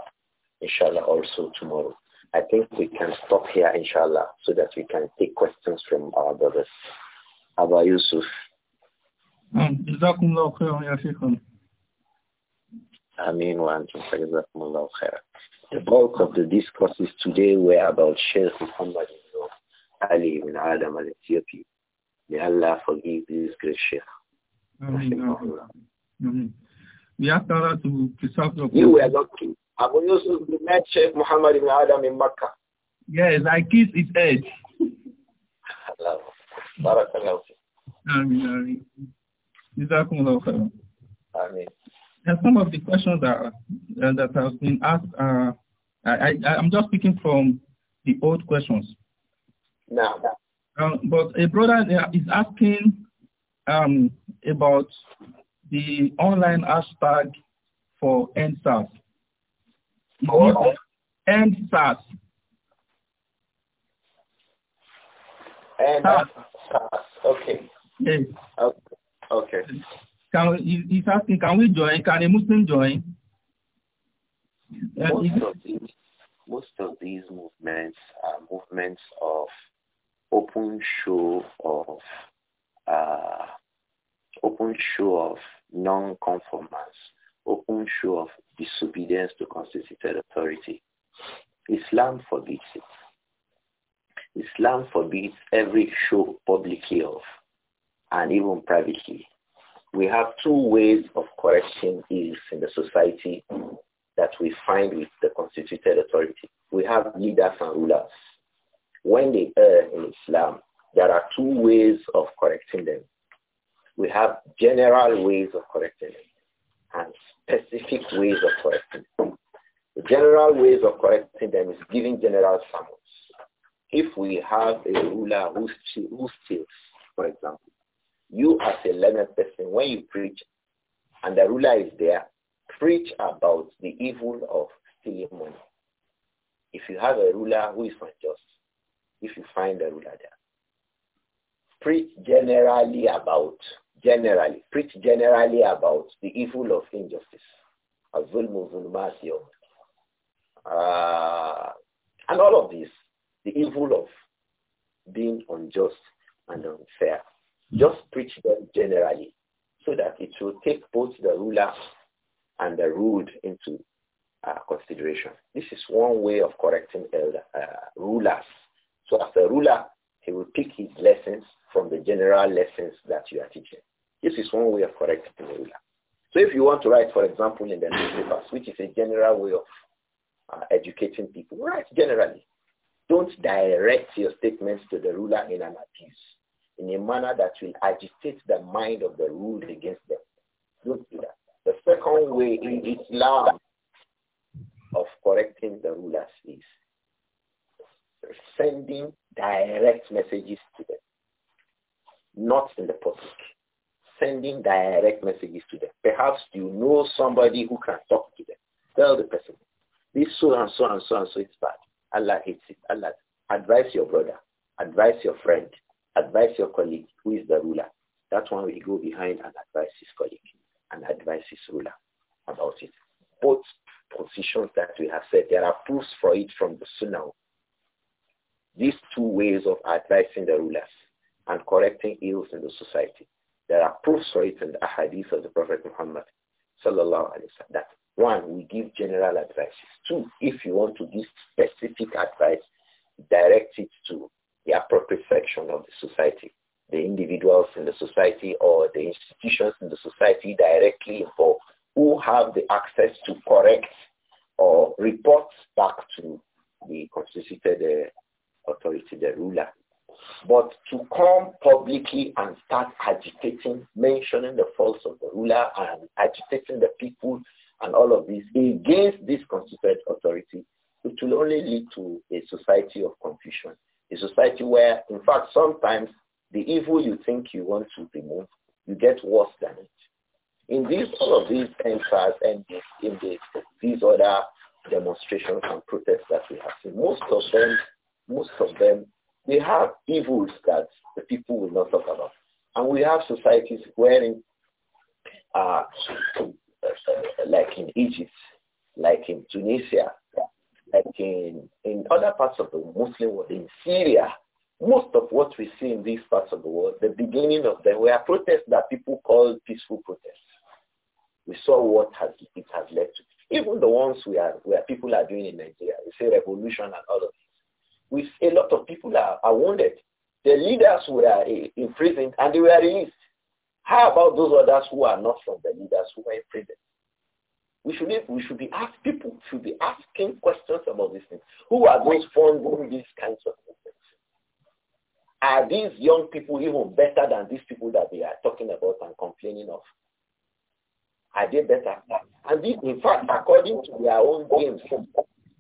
inshallah, also tomorrow. I think we can stop here, inshallah, so that we can take questions from our brothers. Abba Yusuf. جزاكم الله خيرا The bulk of the discourses today were about Sheikh Muhammad Ali ibn Adam al-Ethiopi. May Allah forgive this great Sheikh. We ask Allah to preserve your You were lucky. Abu Yusuf met Sheikh Muhammad ibn Adam in Makkah. Yes, I kissed his head. Barakallahu. Ameen, ameen. Ameen. And some of the questions that uh, that have been asked are, uh, I, I, am just speaking from the old questions. No. Um, but a brother uh, is asking um, about the online hashtag for NSAS. What? NSAS. NSAS. Okay. Yes. Okay. Oh, okay. Can, he's asking, can we join? Can a Muslim join? Uh, of these, most of these movements are movements of open show of show of non-conformance, or show of disobedience to constituted authority. Islam forbids it. Islam forbids every show publicly of and even privately. We have two ways of correcting ills in the society that we find with the constituted authority. We have leaders and rulers. When they err in Islam, there are two ways of correcting them general ways of correcting it and specific ways of correcting it. The general ways of correcting them is giving general summons. If we have a ruler who, steals, for example, you as a learned person, when you preach and the ruler is there, preach about the evil of stealing money. If you have a ruler who is unjust, if you find a ruler there, preach generally about generally, preach generally about the evil of injustice. Oh. Uh, and all of this, the evil of being unjust and unfair. Just preach them generally so that it will take both the ruler and the ruled into uh, consideration. This is one way of correcting elder, uh, rulers. So as a ruler, he will pick his lessons from the general lessons is one way of correcting the ruler. So if you want to write, for example, in the newspapers, which is a general way of uh, educating people, write generally. Don't direct your statements to the ruler in an abuse, in a manner that will agitate the mind of the ruler against them. Don't do that. The second way in Islam of correcting the rulers is sending direct messages to them, not in the public sending direct messages to them. Perhaps you know somebody who can talk to them. Tell the person, this so and so and so and so is bad. Allah hates it. Allah. Advise your brother. Advise your friend. Advise your colleague who is the ruler. That one will go behind and advise his colleague and advise his ruler about it. Both positions that we have said, there are proofs for it from the Sunnah. These two ways of advising the rulers and correcting ills in the society. There are proofs for it in the of the Prophet Muhammad sallallahu alaihi wasallam. That one, we give general advice. Two, if you want to give specific advice, direct it to the appropriate section of the society, the individuals in the society or the institutions in the society directly for who have the access to correct or report back to the constituted uh, authority, the ruler. But to come publicly and start agitating, mentioning the faults of the ruler and agitating the people and all of this against this constituted authority, it will only lead to a society of confusion, a society where, in fact, sometimes the evil you think you want to remove, you get worse than it. In this, all of these entries and in the, these other demonstrations and protests that we have seen, most of them, most of them we have evils that the people will not talk about. And we have societies wherein, uh, like in Egypt, like in Tunisia, like in, in other parts of the Muslim world, in Syria, most of what we see in these parts of the world, the beginning of them were protests that people called peaceful protests. We saw what has, it has led to. Even the ones we are, where people are doing in Nigeria, you say revolution and all of we a lot of people are, are wounded. The leaders were uh, imprisoned and they were released. How about those others who are not from the leaders who were imprisoned? We should, we should be asked, people should be asking questions about these things. Who are those funding these kinds of movements? Are these young people even better than these people that they are talking about and complaining of? Are they better? And these, in fact, according to their own games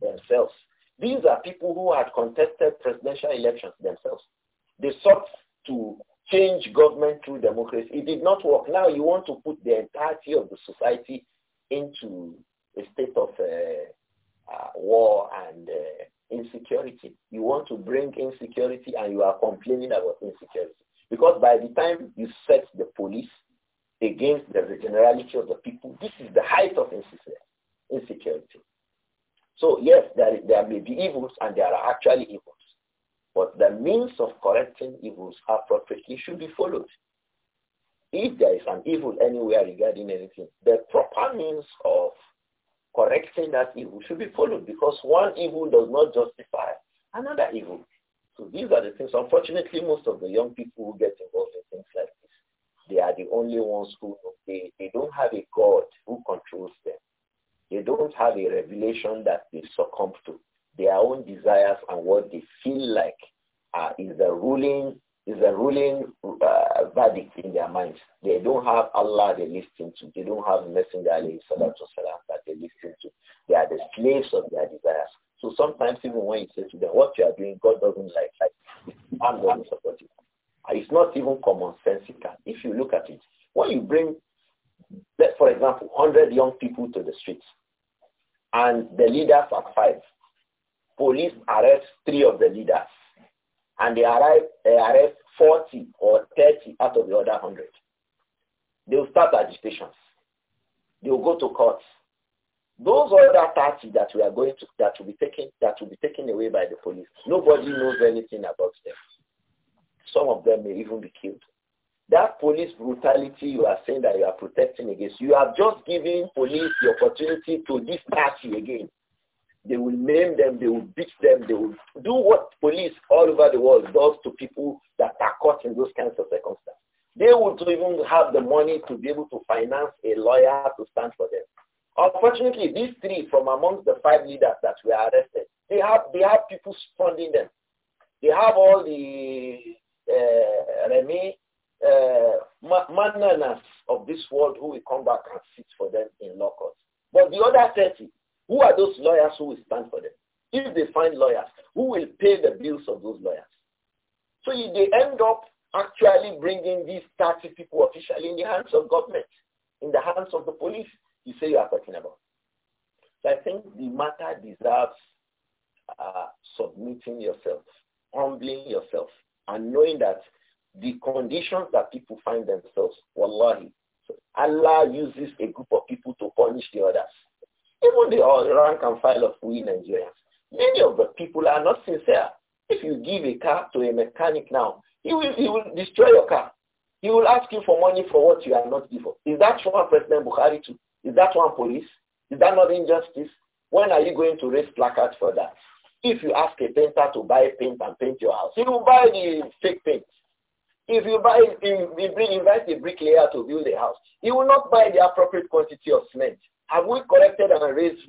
themselves, these are people who had contested presidential elections themselves. They sought to change government through democracy. It did not work. Now you want to put the entirety of the society into a state of uh, uh, war and uh, insecurity. You want to bring insecurity and you are complaining about insecurity. Because by the time you set the police against the generality of the people, this is the height of insecurity. So yes, there, there may be evils and there are actually evils. But the means of correcting evils appropriately should be followed. If there is an evil anywhere regarding anything, the proper means of correcting that evil should be followed because one evil does not justify another evil. So these are the things. Unfortunately, most of the young people who get involved in things like this, they are the only ones who they, they don't have a God who controls them. They don't have a revelation that they succumb to. Their own desires and what they feel like uh, is a ruling is a ruling uh, verdict in their minds. They don't have Allah they listen to. They don't have Messenger salatu salam that they listen to. They are the slaves of their desires. So sometimes even when you say to them, what you are doing, God doesn't like, like I'm going to support it. It's not even commonsensical if you look at it. When you bring let, for example, 100 young people to the streets and the leaders are five. Police arrest three of the leaders and they, arrive, they arrest 40 or 30 out of the other 100. They will start agitations. They will go to court. Those other 30 that we are going to, that will be taken, that will be taken away by the police, nobody knows anything about them. Some of them may even be killed. That police brutality you are saying that you are protecting against, you have just given police the opportunity to dispatch you again. They will name them, they will beat them, they will do what police all over the world does to people that are caught in those kinds of circumstances. They would even have the money to be able to finance a lawyer to stand for them. Unfortunately, these three from amongst the five leaders that were arrested, they have, they have people funding them. They have all the uh, Remy uh, of this world who will come back and sit for them in law courts. But the other 30, who are those lawyers who will stand for them? If they find lawyers, who will pay the bills of those lawyers? So they end up actually bringing these 30 people officially in the hands of government, in the hands of the police, you say you are talking about. So I think the matter deserves uh, submitting yourself, humbling yourself, and knowing that the conditions that people find themselves, wallahi, Allah uses a group of people to punish the others. Even the rank and file of we Nigerians. Many of the people are not sincere. If you give a car to a mechanic now, he will, he will destroy your car. He will ask you for money for what you are not given. Is that one President Buhari too? Is that one police? Is that not injustice? When are you going to raise placards for that? If you ask a painter to buy paint and paint your house, he will buy the fake paint. If you buy, if you invite a bricklayer to build a house, he will not buy the appropriate quantity of cement. Have we collected and raised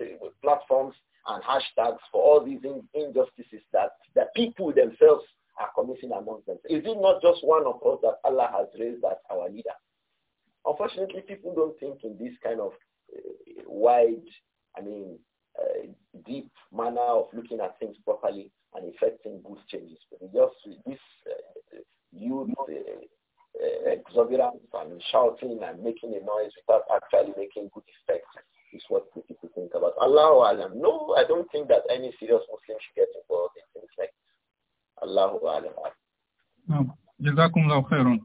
platforms and hashtags for all these injustices that the people themselves are committing amongst themselves? Is it not just one of us that Allah has raised as our leader? Unfortunately, people don't think in this kind of uh, wide, I mean, uh, deep manner of looking at things properly and effecting good changes. But just this uh, you know, eh, eh, exuberance and shouting and making a noise without actually making good effect is what people think about. Allahu Alam. No, I don't think that any serious Muslim should get involved in things like Allahu Alam. No. جزاكم الله خيرا.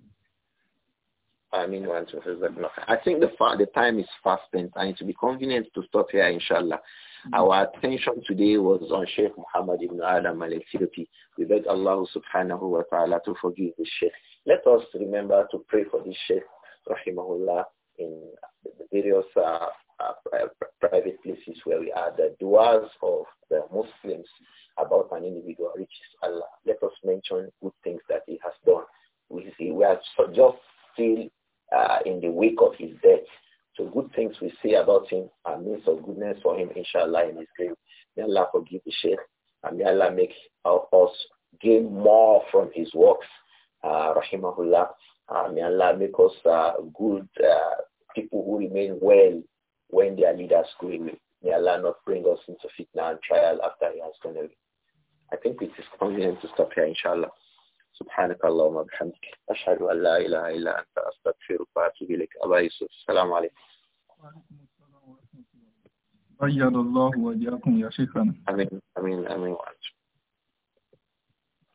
I mean, I think the, the time is fast spent and it will be convenient to stop here, inshallah. Mm-hmm. Our attention today was on Sheikh Muhammad ibn Adam al-Ethiopi. We beg Allah subhanahu wa ta'ala to forgive the Sheikh. Let us remember to pray for this Sheikh, rahimahullah, in various uh, uh, private places where we are. The duas of the Muslims about an individual reaches Allah. Let us mention good things that he has done. We see we are just still uh, in the wake of his death. So good things we say about him and means of goodness for him, inshallah, in his grave. May Allah forgive the Sheikh and may Allah make us gain more from his works. Uh, rahimahullah. Uh, may Allah make us uh, good uh, people who remain well when their leaders go away. May Allah not bring us into fitna and trial after he has gone away. I think it is convenient to stop here, inshallah. سبحانك اللهم وبحمدك أشهد أن لا إله إلا أنت أستغفرك وأتوب إليك أبا يوسف السلام عليكم وعليكم السلام ورحمة الله بيض الله وجهكم يا شيخنا آمين آمين آمين وأنتم